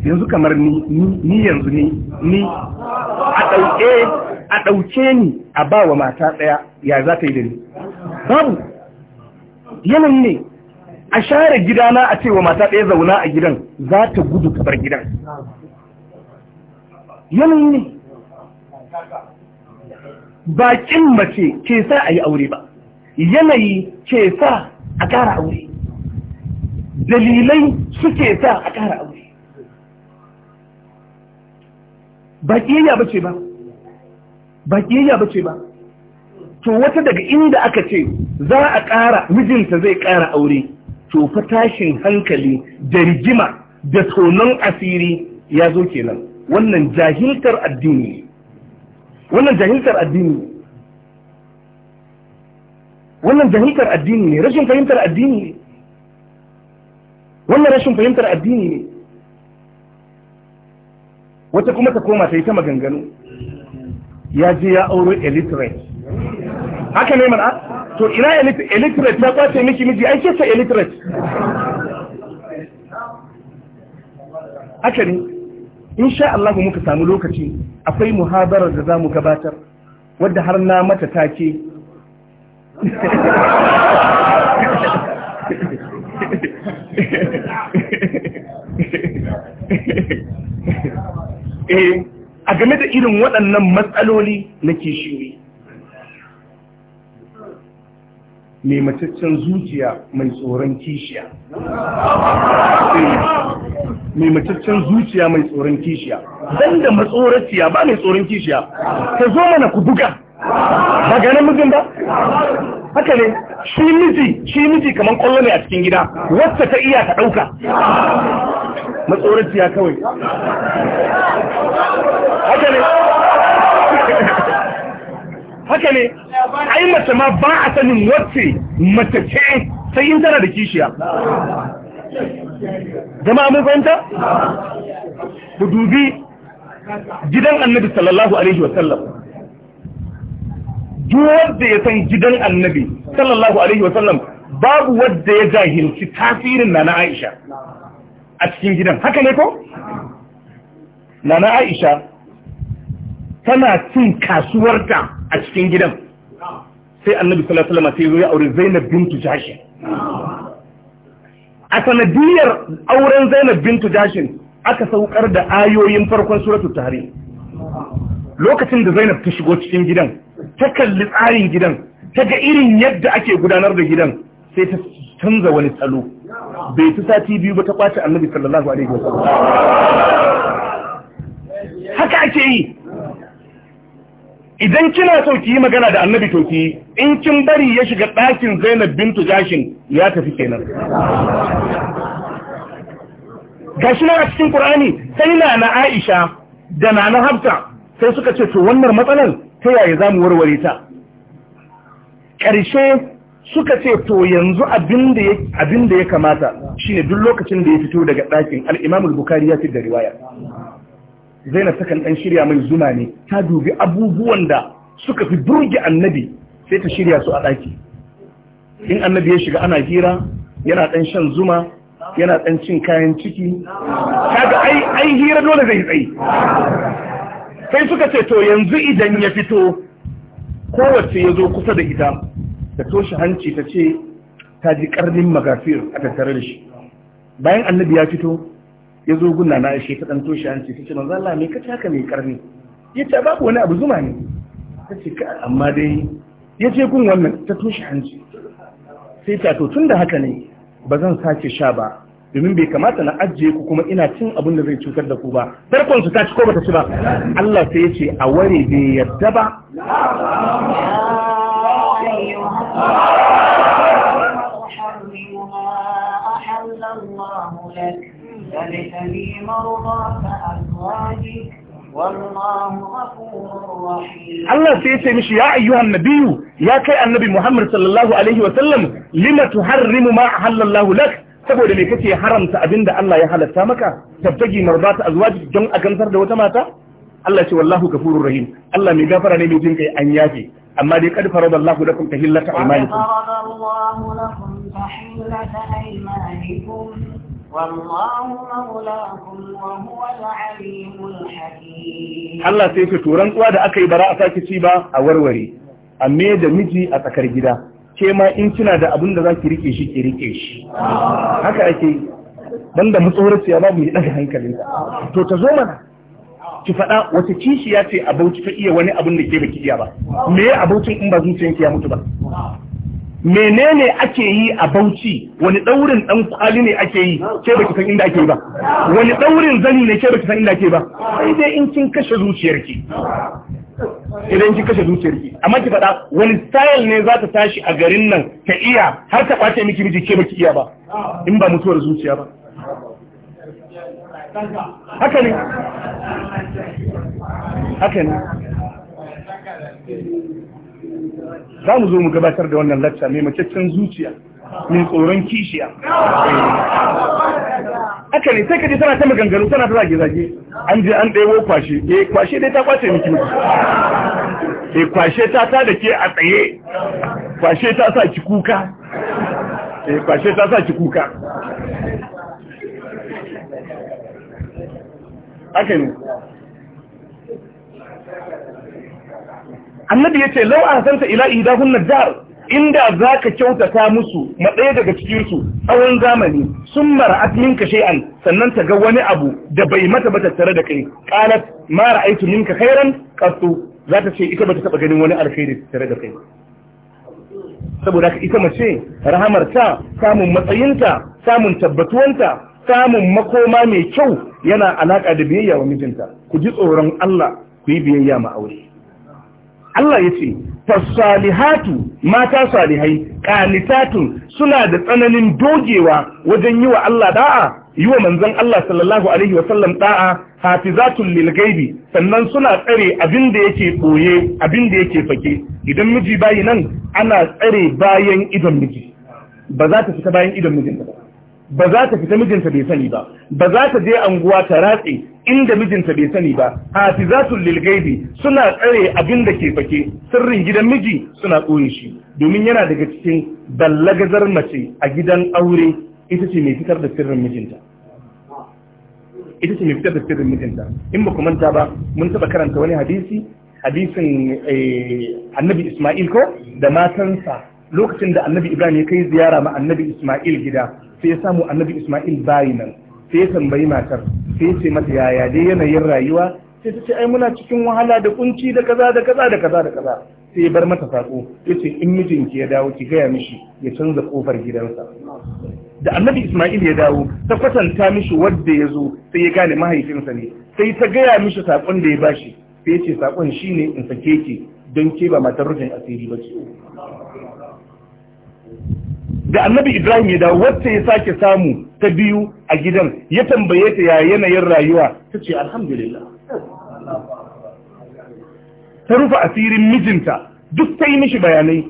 Speaker 1: yanzu kamar ni ni yanzu ni ni a ɗauke a ɗauke ni a ba wa mata ɗaya ya za ta yi da ni babu yanayi ne a share gidana a ce wa mata ɗaya zauna a gidan za ta gudu ta bar gidan yanayi ne bakin mace ke sa a yi aure ba yanayi ke sa a ƙara aure dalilai suke sa a ƙara aure ba ƙiyayya ba ce ba ba kiyayya ba ce ba to wata daga inda aka ce za a ƙara mijinta zai ƙara aure to fa tashin hankali da rigima da tonon asiri ya zo kenan wannan jahiltar addini wannan jahiltar addini wannan jahiltar addini ne rashin fahimtar addini ne wannan rashin fahimtar addini ne wata kuma ta koma ta yi ta maganganu ya je ya auro illiterate
Speaker 2: haka ne mana to ina
Speaker 1: illiterate ya kwace miki miji ai ce sa illiterate haka ne insha Allah muka samu lokaci akwai muhabarar da zamu gabatar wadda har na mata take [LAUGHS] eh a game da irin waɗannan matsaloli na kishiyoyi mai mataccen zuciya mai tsoron kishiya mai mataccen zuciya mai tsoron kishiya dan da matsoraciya ba mai tsoron kishiya ta zo mana ku buga ba ganin mijin ba haka ne shi miji shi miji kamar kwallo ne a cikin gida wacce ta iya ta ɗauka matsoraciya kawai haka ne haka ne ai mace ma ba a sanin wacce mace ce sai in tana da kishiya Zama mun fahimta ku dubi gidan annabi sallallahu alaihi wasallam duk wadda ya san gidan annabi sallallahu alaihi wasallam babu wadda ya jahilci tasirin na na Aisha a cikin gidan haka ne ko? Nana Aisha tana cin kasuwarta a cikin gidan sai annabi sallallahu alaihi wasallam sai ya aure Zainab bintu Jashin a sanadiyar auren Zainab bintu jashin, aka saukar da ayoyin farkon suratu Tahrim lokacin da Zainab ta shigo cikin gidan ta kalli tsarin gidan ta ga irin yadda ake gudanar da gidan sai ta canza wani tsalo bai ta sati biyu ba ta kwace annabi sallallahu alaihi wasallam haka ake yi idan kina so ki yi magana da annabi to ki in kin bari ya shiga ɗakin zainab bintu jashin ya tafi kenan gashi na a cikin qur'ani sai na na aisha da na na hafsa sai suka ce to wannan matsalar ta yaya za mu warware ta ƙarshe suka ce to yanzu abin da ya kamata shine duk lokacin da ya fito daga ɗakin al'imamul bukari ya fi da riwaya zainab takan ɗan shirya mai zuma ne ta dubi abubuwan da suka fi burge annabi sai ta shirya su a ɗaki in annabi ya shiga ana hira yana ɗan shan zuma yana ɗan cin kayan ciki kaga ai ai hira dole zai tsayi sai suka ce to yanzu idan ya fito kowace ya zo kusa da ita ta toshe hanci ta ce ta ji karnin magafir a tattare da shi bayan annabi ya fito ya zo gunna na shi ta ɗan toshe an ce ta ce manzo Allah me kace haka mai karni ya ce babu wani abu zuma ne ta ce ka amma dai ya ce gun wannan ta toshe hanci sai ta to tun da haka ne ba zan sake sha ba domin bai kamata na ajiye ku kuma ina cin abin da zai cutar da ku ba tarkon su ta ci ko ta ci ba Allah sai ya ce a ware bai yadda ba
Speaker 3: [LAUGHS] تبتلي مرضى فأزواجك Allah
Speaker 1: sai ce mishi ya ayyuhan nabiyu ya kai annabi Muhammad sallallahu alaihi wa sallam lima tuharrimu ma halallahu lak saboda me kake haramta abinda Allah ya halatta maka tabtagi marbata azwaji don a gantar da wata mata Allah ce wallahu kafurur rahim Allah mai gafara ne mai jin kai an yafe amma dai kad farada Allah lakum tahillata
Speaker 3: aymanikum Allah sai ka turan rantsuwa
Speaker 1: da aka yi bara a sake ci ba a warware a da miji a tsakar gida ke ma in kina da abin da zaki rike shi ke rike shi haka ake banda mutsoraciya babu ya ɗaga hankalinta to ta zo mana ki faɗa wata ya ce a bauchi ta iya wani abin da ke baki iya ba me ya abaucin in ba zuciyanki ya mutu ba menene ake yi a bauchi wani daurin dan kwali ne ake yi ke baki san inda ake ba wani daurin zani ne ke baki san inda ake ba sai dai in kin kashe zuciyarki idan kin kashe zuciyarki amma ki fada wani style ne za ta tashi a garin nan ta iya har ta kwace miki miji ke baki iya ba in ba mutuwar zuciya ba haka ne haka ne za mu zo mu gabatar da wannan lacca mai macaccen zuciya mai tsoron kishiya eh. aka ne sai ka je tana ta maganganu tana ta zage-zage an je an ɗaiwo kwashe E, kwashe dai ta kwace miki miki
Speaker 2: E,
Speaker 1: eh, kwashe ta ta da ke a tsaye kwashe ta sa ki kuka E, kwashe ta sa ki kuka aka ne annabi ya ce yace law ta ila hunna dar inda za ka kyautata musu matsayi daga cikinsu tsawon zamani sun mara mara'at kashe shay'an sannan ta ga wani abu da bai mata bata tare da kai qalat ma ra'aytu minka khairan za ta ce ita bata taba ganin wani alkhairi tare da kai saboda ita mace rahamarta samun matsayinta samun tabbatuwanta samun makoma mai kyau yana alaka da biyayya wa mijinta ku ji tsoron Allah ku yi biyayya ma aure Allah ya ce fasalihatu mata salihai ƙalitatun suna da tsananin dogewa wajen yi wa Allah da'a yi wa manzan Allah sallallahu alaihi wa sallam da'a za tun lilgaibi, sannan suna tsare abin da yake ɓoye, abin da yake fake idan miji bayi nan ana tsare bayan idon miji ba za ta fita bayan idon mijinta ba ba za ta fita mijinta bai sani ba ba za ta je anguwa ta ratse inda mijinta bai sani ba hafizatul lil ghaibi suna tsare abin da ke fake sirrin gidan miji suna tsoye shi domin yana daga cikin ballagazar mace a gidan aure ita ce mai fitar da sirrin mijinta ita ce mai fitar da sirrin mijinta in ba ku manta ba mun taba karanta wani hadisi hadisin eh, annabi Ismail ko da matansa lokacin da annabi Ibrahim ya kai ziyara ma annabi Ismail gida sai ya samu annabi Ismail bayi nan sai tambayi matar sai ce mata yaya dai yanayin rayuwa sai ta ce ai muna cikin wahala da kunci da kaza da kaza da kaza da kaza sai bar mata sako ya ce in mijinki ya dawo ki gaya mishi ya canza kofar gidansa da annabi isma'il ya dawo ta kwatanta mishi wadda ya zo sai ya gane mahaifinsa ne sai ta gaya mishi sakon da ya bashi sai ya ce sakon shine in sake ki don ke ba matar rufin asiri ba ce da annabi ibrahim ya dawo wacce ya sake samu ta biyu a gidan ya tambaye ta ya yanayin rayuwa ta ce alhamdulillah ta rufe asirin mijinta duk ta yi mishi bayanai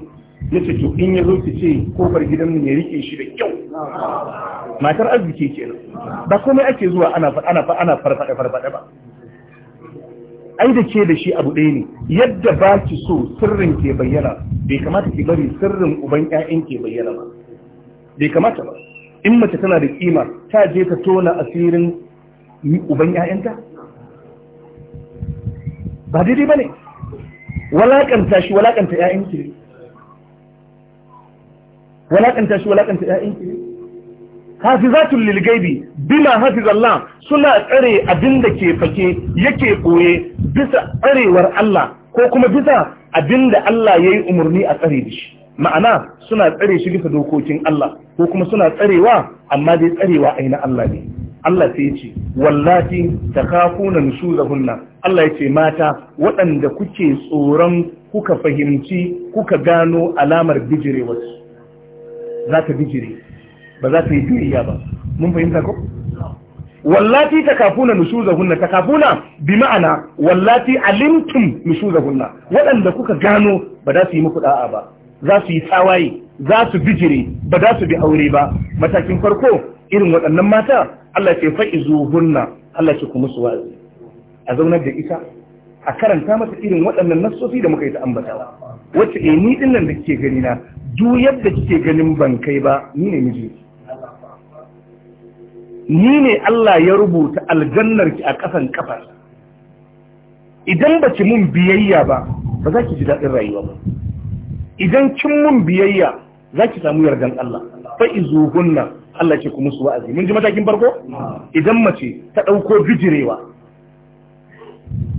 Speaker 1: ya ce to in ya zo ce kofar gidan ya rike shi da kyau matar arziki nan ba komai ake zuwa ana farfaɗe-farfaɗe ba ai da ke da shi abu ɗaya ne yadda ba ki so sirrin ke bayyana bai kamata ki bari sirrin uban ƴaƴan ke bayyana ba bai kamata ba in mace tana da kima ta je ta tona asirin uban ƴaƴanta ba daidai ba ne Walaƙanta shi walaƙanta ƴaƴanki ne walaƙanta shi walakanta ƴaƴanki ne hafizatun lilgaibi bima hafizallah suna tsare abinda da ke fake yake koye bisa tsarewar Allah ko kuma bisa abinda Allah ya yi umarni a tsare da shi ma'ana suna tsare shi bisa dokokin Allah ko kuma suna tsarewa amma dai tsarewa aina Allah ne Allah sai ya ce wallati ta kafuna Allah ya ce mata waɗanda kuke tsoron kuka fahimci kuka gano alamar bijirewarsu za ta bijire ba za su yi biyayya ba mun fahimta ko wallati ta nusuzahunna takafuna bi ma'ana wallati alimtum hunna waɗanda kuka gano ba za su yi muku da'a ba za su yi tsawaye za su bijire ba za su bi aure ba matakin farko irin waɗannan mata Allah ce fa'izuhunna Allah ce kuma su wa'azi a zaunar da ita a karanta mata irin waɗannan nassosi da muka yi ta ambatawa wacce eh ni ɗin nan da kike gani na duk yadda kike ganin ban kai ba ni ne miji ni ne Allah ya rubuta aljannarki a ƙasan ƙafar idan ba ki mun biyayya ba ba za ki ji daɗin rayuwa ba idan kin mun biyayya za ki samu yardan Allah fa izuhunna Allah ce ku musu wa'azi mun ji matakin farko idan mace ta ɗauko bijirewa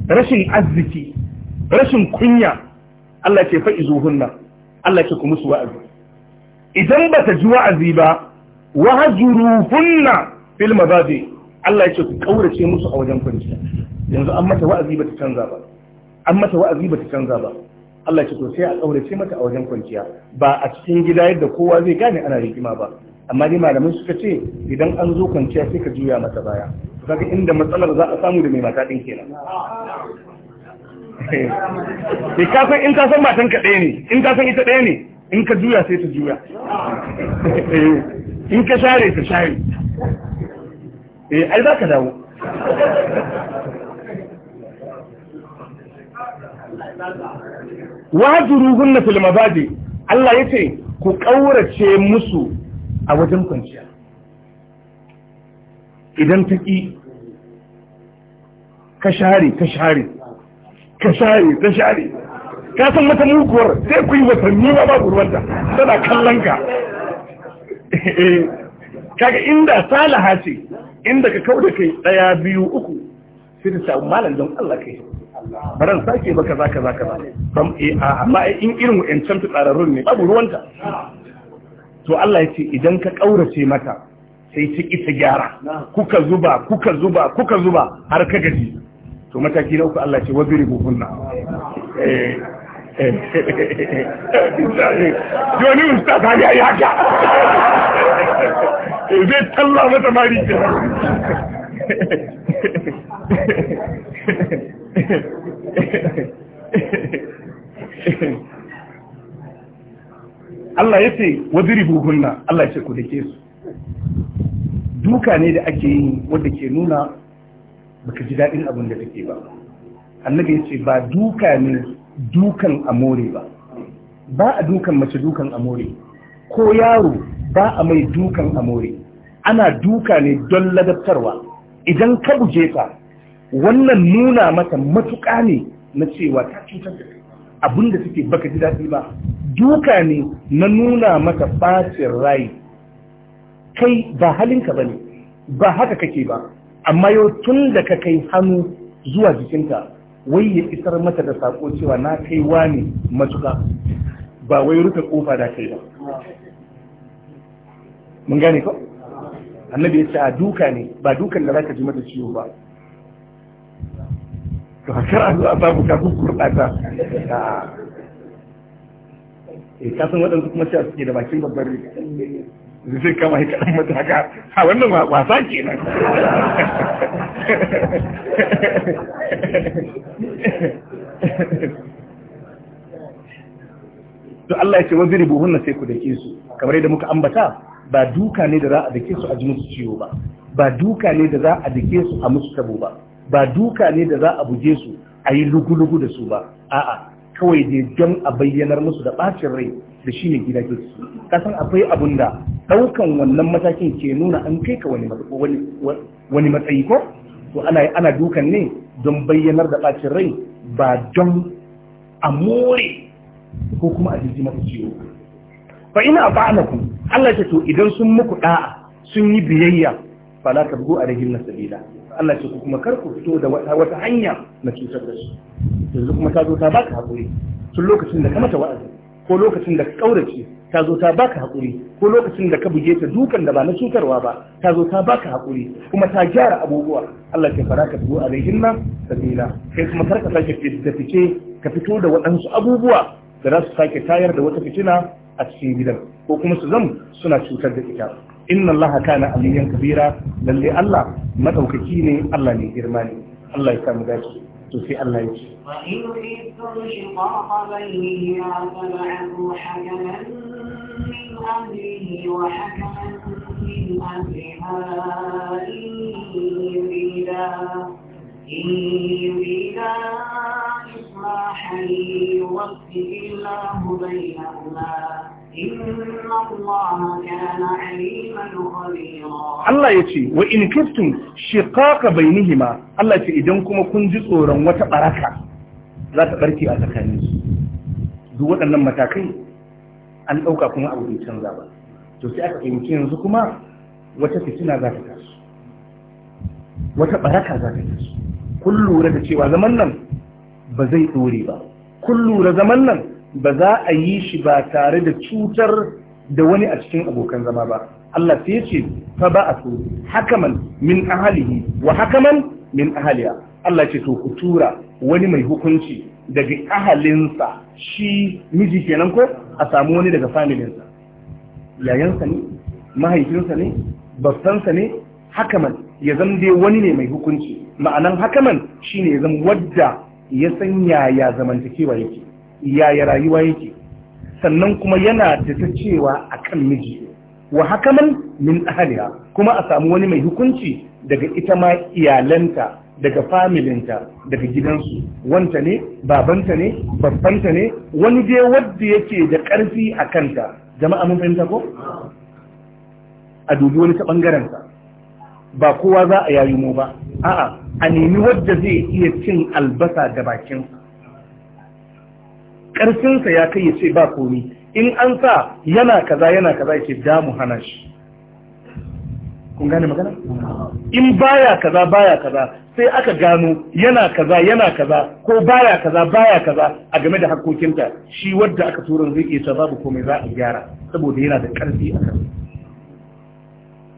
Speaker 1: rashin arziki rashin kunya Allah ce fa izuhunna Allah ce ku musu wa'azi idan ba ta ji wa'azi ba hunna fil mazaji Allah ya ce ku kaurace musu a wajen kwanciya yanzu an mata wa'azi bata canza ba an mata wa'azi bata canza ba Allah ya ce to sai a kaurace mata a wajen kwanciya ba a cikin gida yadda kowa zai gane ana rigima ba amma dai malamai suka ce idan an zo kwanciya sai ka juya mata baya kaga inda matsalar za a samu da mai mata din kenan sai eh, ka san in ka san matan ka ɗaya ne in ka san ita ɗaya ne in ka juya sai ta juya
Speaker 2: [LAUGHS] eh,
Speaker 1: in ka share ta share eh ai za ka dawo wajuruhunna fil mabaji Allah yace ku kaurace musu a wajen kwanciya idan ta ki ka share ka share ka share ka share ka san mata mukuwar sai ku yi watanni ma babu ruwanta tana kallon ka [LAUGHS] eh, kaga inda salaha ce inda ka kauda kai ɗaya biyu uku sai ta samu malam don Allah kai baran sake ba kaza kaza kaza ban eh amma in irin fi tsararrun ne babu ruwanta to Allah ya ce idan ka kaurace mata sai ta ita gyara kuka zuba kuka zuba kuka zuba har ka gaji to mataki na uku Allah ce waziri buhunna eh eh ustaz ya yi haka zai talla mata mari ke Allah ya ce wadiri buhunna Allah ya ce ku dake su duka ne da ake yi wadda ke nuna baka ji daɗin abin da take ba annabi ya ce ba duka ne dukan amore ba ba a dukan mace dukan amore ko yaro ba a mai dukan amore ana duka ne don ladabtarwa idan ka gujeta, ta wannan nuna mata matuƙa ne na cewa ta cutar da abin da suke baka ji daɗi ba duka ne na nuna mata ɓacin rai kai ba halinka ba ne ba haka kake ba amma yau tun da ka kai hannu zuwa jikinta wai ya isar mata da saƙo cewa na kai ne matuƙa ba wai rufe ƙofa da kai ba mun gane ko annabi ya ce a duka ne ba dukan da zaka ji mata ciwo ba to haka a zuwa babu ka kurɗata eh ka san waɗansu kuma cewa suke da bakin babbar riga zai kama ya kaɗan mata haka a wannan wasa ke nan to Allah ya ce buhun buhunna sai ku dake su kamar yadda muka ambata ba duka ne da za a dake su a ji musu ciwo ba ba duka ne da za a dake su a musu tabo ba ba duka ne da za a buge su a yi lugu-lugu da su ba a'a kawai dai don a bayyanar musu da bacin rai da shi ne gida ke su kasan akwai abun da ɗaukan wannan matakin ke nuna an kai ka wani matsayi ko to ana ana dukan ne don bayyanar da bacin rai ba don a more ko kuma a jiji mafi ciwo fa ina ku? Allah ce to idan sun muku da'a sun yi biyayya fa fala tabgu alaihim nasabila Allah ce ku kuma kar ku fito da wata hanya na cutar da su yanzu kuma ta zo ta baka hakuri tun lokacin da ka mata wa'azi ko lokacin da ka kaurace ta zo ta baka hakuri ko lokacin da ka buge ta dukan da ba na cutarwa ba ta zo ta baka hakuri kuma ta gyara abubuwa Allah ke fara ka zo a rahinna sabila kai kuma karka sake da fice ka fito da waɗansu abubuwa da za su sake tayar da wata fitina a cikin gidan ko kuma su zam suna cutar da ita inna allaha kana aliyan kabira lalle allah madaukaki ne allah ne girma ne allah ya samu dace to sai allah ya ce
Speaker 3: من أهله وحكما من أهلها إن يريدا إن يريدا الله يوفي الله بينهما
Speaker 1: Allah ya ce, wa in kiftun shiƙaƙa bai nihima, Allah ce idan kuma kun ji tsoron wata ɓaraka za ta ɓarke a tsakaninsu. Duk waɗannan matakai an ɗauka kuma abu bai canza ba. To sai aka fahimci yanzu kuma wata fitina za ta taso. Wata ɓaraka za ta taso. Kun lura da cewa zaman nan ba zai ɗore ba kun lura zaman nan ba za a yi shi ba tare da cutar da wani a cikin abokan zama ba Allah sai ce fa ba a so hakaman min ahalihi wa hakaman min ahaliya Allah ce to ku tura wani mai hukunci daga ahalinsa shi miji kenan ko a samu wani daga familinsa yayansa ne mahaifinsa ne babbansa ne hakaman ya zama dai wani ne mai hukunci ma'anan hakaman shine ya zama wadda ya san yaya zamantakewa yake yaya rayuwa yake sannan kuma yana da ta cewa akan miji wa hakaman min ahaliya kuma a samu wani mai hukunci daga ita ma iyalanta daga familinta daga gidansu wanta ne babanta ne babbanta ne wani dai wadda yake da ƙarfi a kanta jama'a mun fahimta ko a dubi wani ta ɓangarensa ba kowa za a yayi mu ba a'a a nemi wadda zai iya cin albasa da bakinsa ƙarfinsa ya kai ya ce ba komi in an sa yana kaza yana kaza ya ce damu hana shi kun gane magana in baya kaza baya kaza sai aka gano yana kaza yana kaza ko baya kaza baya kaza a game da hakokinta shi wadda aka turan zai iya ta babu komai za a gyara saboda yana da ƙarfi a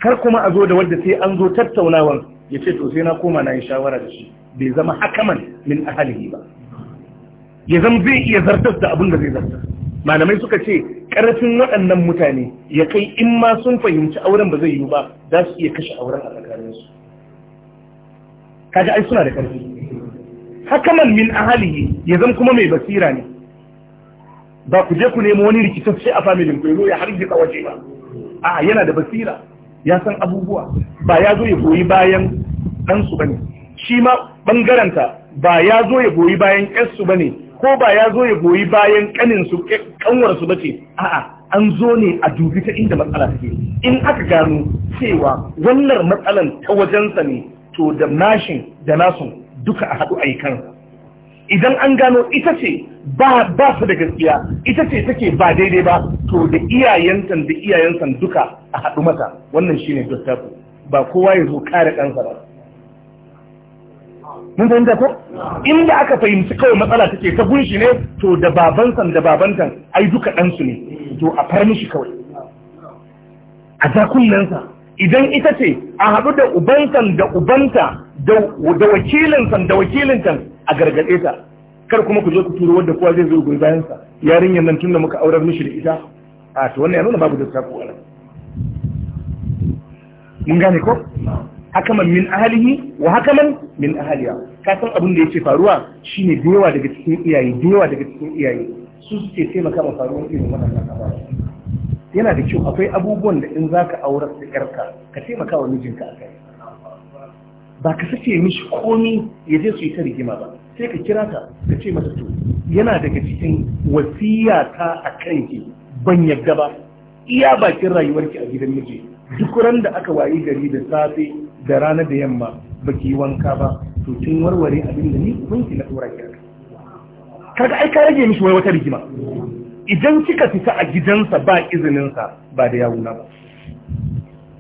Speaker 1: kar kuma a zo da wadda sai an zo tattaunawan ya ce to sai na koma na yi shawara da shi bai zama hakaman min ahalihi ba ya zama zai iya zartar da abin da zai zartar malamai suka ce karfin waɗannan mutane ya kai in ma sun fahimci auren ba zai yiwu ba za su iya kashe auren a tsakaninsu kaji ai suna da karfi hakaman min ahalihi ya zama kuma mai basira ne ba ku je ku nemo wani rikitacce a familin ku ya har waje ba a yana da basira ya san abubuwa ba ya zo ya goyi bayan ɗansu ba ne shi ma ɓangaranta ba ya zo ya goyi bayan ƴarsu ba ne ko ba ya zo ya goyi bayan ƙaninsu ƙanwarsu ba ce a'a an zo ne a dubi ta inda matsala take in aka gano cewa wannan matsalan ta wajensa ne to da mashin da nasun duka a haɗu a yi kansa idan an gano ita ce ba su da gaskiya ita ce take ba daidai ba to da iyayensan da iyayensan duka a haɗu mata wannan shi ne dottaku ba kowa ya zo kare ɗansa ba mun fahimta ko inda aka fahimci kawai matsala take ta gunshi ne to da babansan da babantan ai duka ɗansu ne to a far mishi kawai a zakunnansa idan ita ce a haɗu da ubansan da ubanta da wakilinsan da wakilinsan a gargaɗe ta kar kuma ku je ku turo wanda kowa zai zo gun bayan sa yarinyar nan tunda muka aurar mishi da ita a to wannan ya nuna babu da sako alama. mun gane ko hakaman min ahalihi wa hakaman min ahaliya ka san abin da yake faruwa shine da yawa daga cikin iyaye da yawa daga cikin iyaye su suke taimaka ma faruwar irin wannan abubuwa yana da kyau akwai abubuwan da in zaka aurar da yarka ka taimaka wa mijinka akai ba ka sake mishi komi ya je su yi ta rigima ba sai ka kira ta ka ce masa to yana daga cikin wasiya ta a kanki ban yadda ba iya bakin rayuwarki a gidan miji duk ran da aka wayi gari da safe da rana da yamma baki yi wanka ba to kin warware abin da ni ki na tsoron ki kaga ai ka rage mishi wai wata rigima idan kika fita a gidansa ba izininsa ba da yawuna ba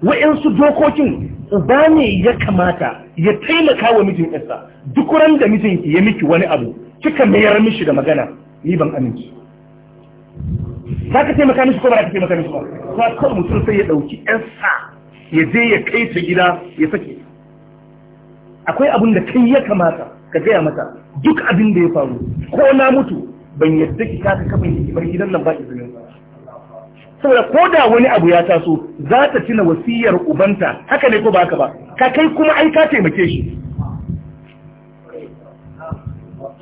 Speaker 1: wa'yansu dokokin uba ne ya kamata ya taimaka wa mijin ƙasa duk ran da mijin ya miki wani abu kika mayar mishi da magana ni ban aminci za ka taimaka mishi ko ba za ka taimaka mishi ba za ka mutum sai ya ɗauki ƴansa, ya je ya kai ta gida ya sake akwai abin da kai ya kamata ka gaya mata duk abin da ya faru ko na mutu ban yadda ki ka kafin ki bar gidan nan ba izini saboda ko da wani abu ya taso za ta tuna wasiyar ubanta haka ne ko ba haka ba ka kai kuma ai ka taimake shi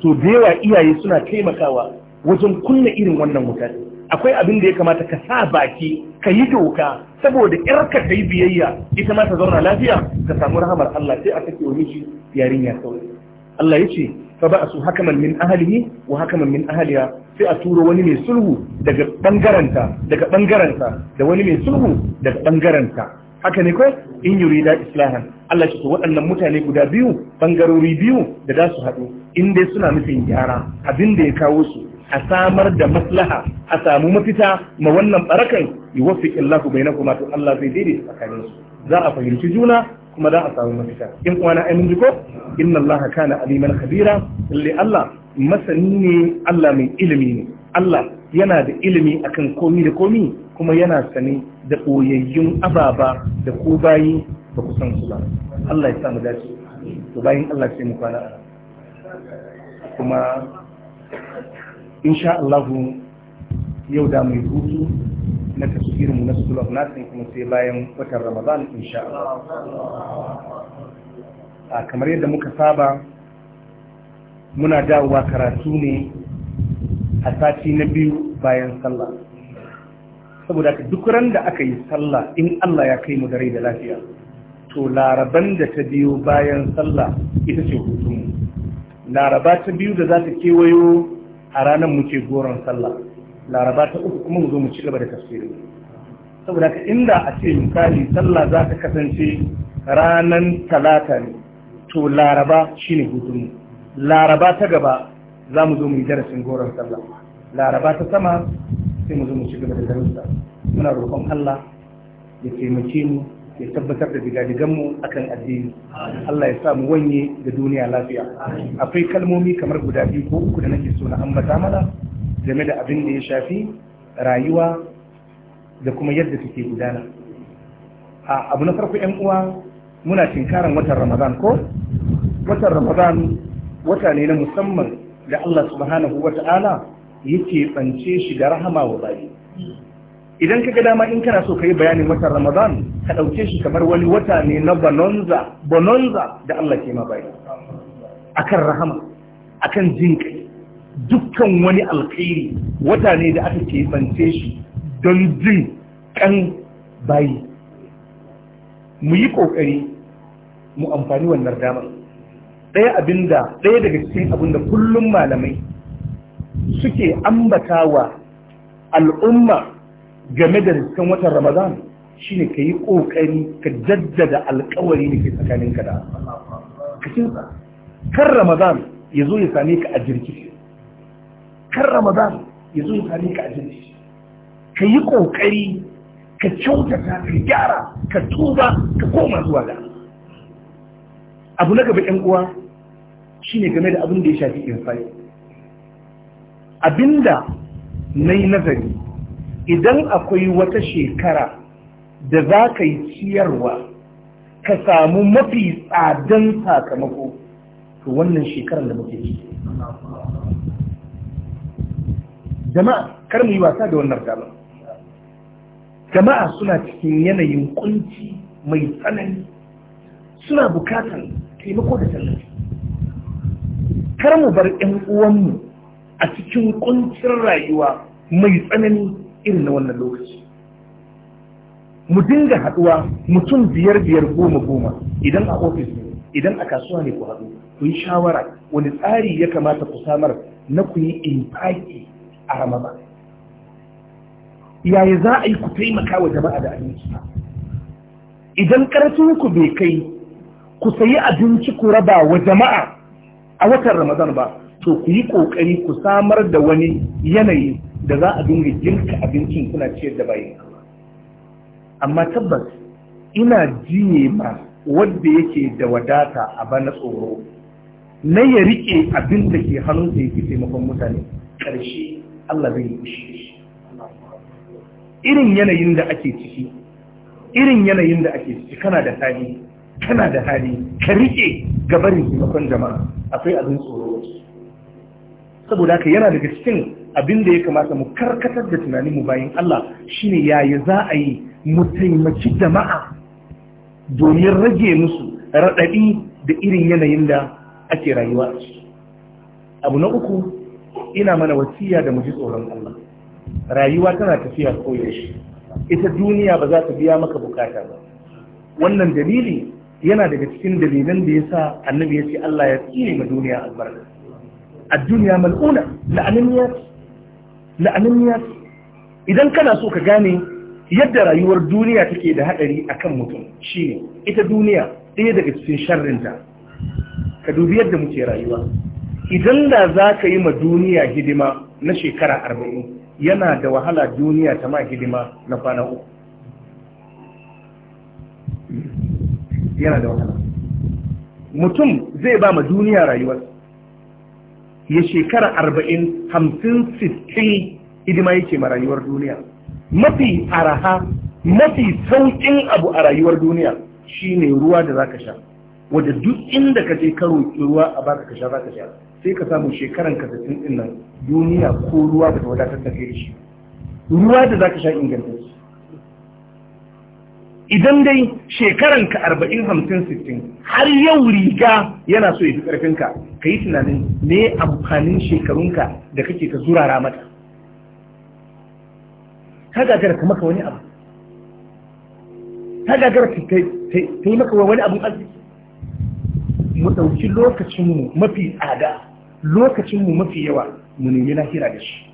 Speaker 1: to da iyaye suna taimakawa wajen kunna irin wannan wutar akwai abin da ya kamata ka sa baki ka yi doka saboda yarka ka yi biyayya ita ma ta zauna lafiya ka samu rahamar Allah sai a take wa miji yarinya sauri. Allah ya ce fa ba su hakaman min ahlihi wa hakaman min ahliha sai a turo wani mai sulhu daga bangaranta daga bangaranta da wani mai sulhu daga bangaranta haka ne kai in yurida islahan Allah shi waɗannan mutane guda biyu bangarori biyu da za su haɗu in dai suna nufin gyara abin da ya kawo su a samar da maslaha a samu mafita ma wannan barakan yuwaffiq Allahu bainakuma to Allah zai daidaita tsakaninsu za a fahimci juna kuma za a samu mafita in uwana ai mun ji ko inna Allah kana aliman kabira lalle Allah masani ne Allah mai ilimi ne Allah yana da ilimi akan komi da komi kuma yana sani da ɓoyayyun ababa da ko bayi ba ku san su ba Allah ya samu dace to bayan Allah sai mu kwana kuma insha Allah yau da mai hutu na tafsirin mu na sulh na san kuma sai bayan watan Ramadan insha Allah a kamar yadda muka saba muna dawowa karatu ne a sati na biyu bayan sallah saboda ka duk ran da aka yi sallah in Allah ya kai mu da rai da lafiya to laraban da ta biyo bayan sallah ita ce hutunmu laraba ta biyu da za ta kewayo a ranar muke goron sallah laraba ta uku kuma mu zo mu ci gaba da tafsiri saboda ka inda a ce misali sallah za ta kasance ranar talata ne to laraba shine hutunmu laraba ta gaba za mu zo mu yi darasin goron sallah laraba ta sama sai mu zo mu ci gaba da darussa muna roƙon Allah ya taimake mu ya tabbatar da digadigan mu akan addini Allah ya sa mu wanye da duniya lafiya akwai kalmomi kamar guda biyu ko uku da nake so na ambata mana game da abin da ya shafi rayuwa da kuma yadda take gudana a abu na farko yan uwa muna karan watan ramadan ko watan ramadan wata ne na musamman da Allah subhanahu wa ta'ala yake bance shi da rahama wa bayi idan ka ga dama in kana so ka yi bayanin watan ramadan ka ɗauke shi kamar wani wata ne na bononza bononza da Allah ke ma bayi akan rahama akan jinka, dukkan wani alkhairi wata ne da aka ke bance shi don jin kan bayi mu yi ƙoƙari, mu amfani wannan damar ɗaya abinda ɗaya daga cikin abinda kullum malamai suke ambata wa al'umma game da riskan watan ramadan ne ka yi ƙoƙari ka jaddada alƙawari da ke tsakaninka da ka cinsa kan ramadan ya zo ya same ka a jirki kan ramadan ya zo ya same ka a jirki ka yi ƙoƙari ka kyautata ka gyara ka tuba ka koma zuwa ga abu na gaba yan uwa shi ne game da abin da ya shafi insight abinda na yi nazari idan akwai wata shekara da za ka yi ciyarwa ka samu mafi tsadan sakamako to wannan shekarar da muke ciki jama'a kar mu yi wasa da wannan dama jama'a suna cikin yanayin kunci mai tsanani suna bukatan taimako da tallafi kar mu bar ƴan uwanmu a cikin ƙuncin rayuwa mai tsanani irin na wannan lokaci mu dinga haɗuwa mutum biyar biyar goma goma idan a ofis ne idan a kasuwa ne ku haɗu ku yi shawara wani tsari ya kamata ku samar na ku yi infaki a ramama yaya za a yi ku taimaka wa jama'a da abinci idan ƙarfin ku bai kai ku sayi abinci ku raba wa jama'a a watan ramadan ba to ku yi kokari ku samar da wani yanayi da za a dinga girka abincin kuna ciyar da bayan amma tabbas ina jiye ma wanda yake da wadata a bana tsoro na ya rike abin da ke hannun da yake taimakon mutane ƙarshe Allah zai yi shi irin yanayin da ake ciki irin yanayin da ake ciki kana da tani kana da hali ka rike gabarin taimakon jama'a akwai abin tsoro saboda haka yana daga cikin abin da ya kamata mu karkatar da tunanin mu bayan Allah shine yayi za a yi mu taimaki jama'a domin rage musu raɗaɗi da irin yanayin da ake rayuwa abu na uku ina mana wasiya da mu ji tsoron Allah rayuwa tana tafiya koyaushe ita duniya ba za ta biya maka bukata ba wannan dalili yana daga cikin dalilan da yasa annabi ya ce Allah ya tsire ma duniya albarka ad-dunya mal'una la'ananiyat idan kana so ka gane yadda rayuwar duniya take da hadari akan mutum shine ita duniya ɗaya daga cikin sharrinta ka dubi yadda muke rayuwa idan da za ka yi ma duniya hidima na shekara arba'in yana da wahala duniya ta ma hidima na kwana uku yana da wahala mutum zai ba ma duniya rayuwar ya shekara arba'in hamsin sittin idima yake ma rayuwar duniya mafi araha mafi sauƙin abu a rayuwar duniya shine ruwa da za ka sha wadda duk inda ka je karo ruwa a baka ka sha za ka sha sai ka samu shekaran ka sittin din duniya ko ruwa ba ta wadatar da kai shi ruwa da za ka sha ingantacce idan dai shekaran ka arba'in hamsin sittin har yau riga yana so ya fi ƙarfinka ka yi tunanin me amfanin shekarunka da kake ta zurara mata ta gagara ka maka wani abu ta gagara ta yi maka wani abu arziki mu ɗauki lokacinmu mafi tsada lokacinmu mafi yawa mu nemi lahira da shi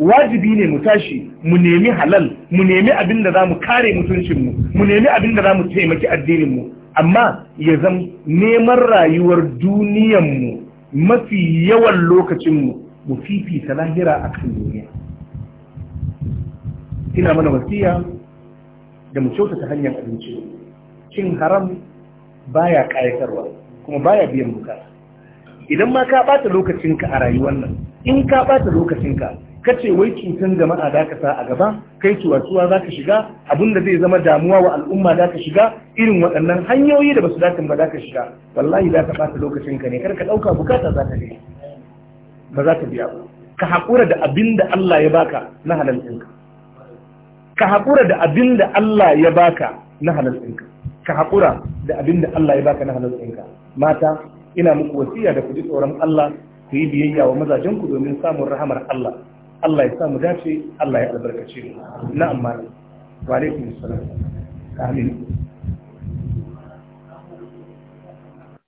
Speaker 1: wajibi ne mu tashi mu nemi halal mu nemi abin da za mu kare mutuncinmu mu nemi abin da za mu taimaki addininmu amma ya zan neman rayuwar mu mafi yawan lokacinmu mu fifita lahira a kan duniya ina mana wasiya da mu ta hanyar abinci cin haram baya kayatarwa kuma baya biyan bukata idan ma ka bata lokacinka a rayuwar nan in ka bata lokacinka ka ce wai cutan jama'a da ka sa a gaba kai cuwa-cuwa za ka shiga abin da zai zama damuwa wa al'umma za ka shiga irin waɗannan hanyoyi da ba su dace ba za ka shiga wallahi za ka ɓata lokacin ka ne kar ka ɗauka bukata za ka biya ba za ta biya ba ka haƙura da abinda Allah ya baka na halal ɗinka ka haƙura da abin Allah ya baka na halal ɗinka ka haƙura da abin Allah ya baka na halal ɗinka mata ina muku wasiya da ku ji tsoron Allah ku yi biyayya wa mazajenku domin samun rahamar Allah Allah ya mu dace Allah ya albarkace mu na'am amma wa alaikum assalam amin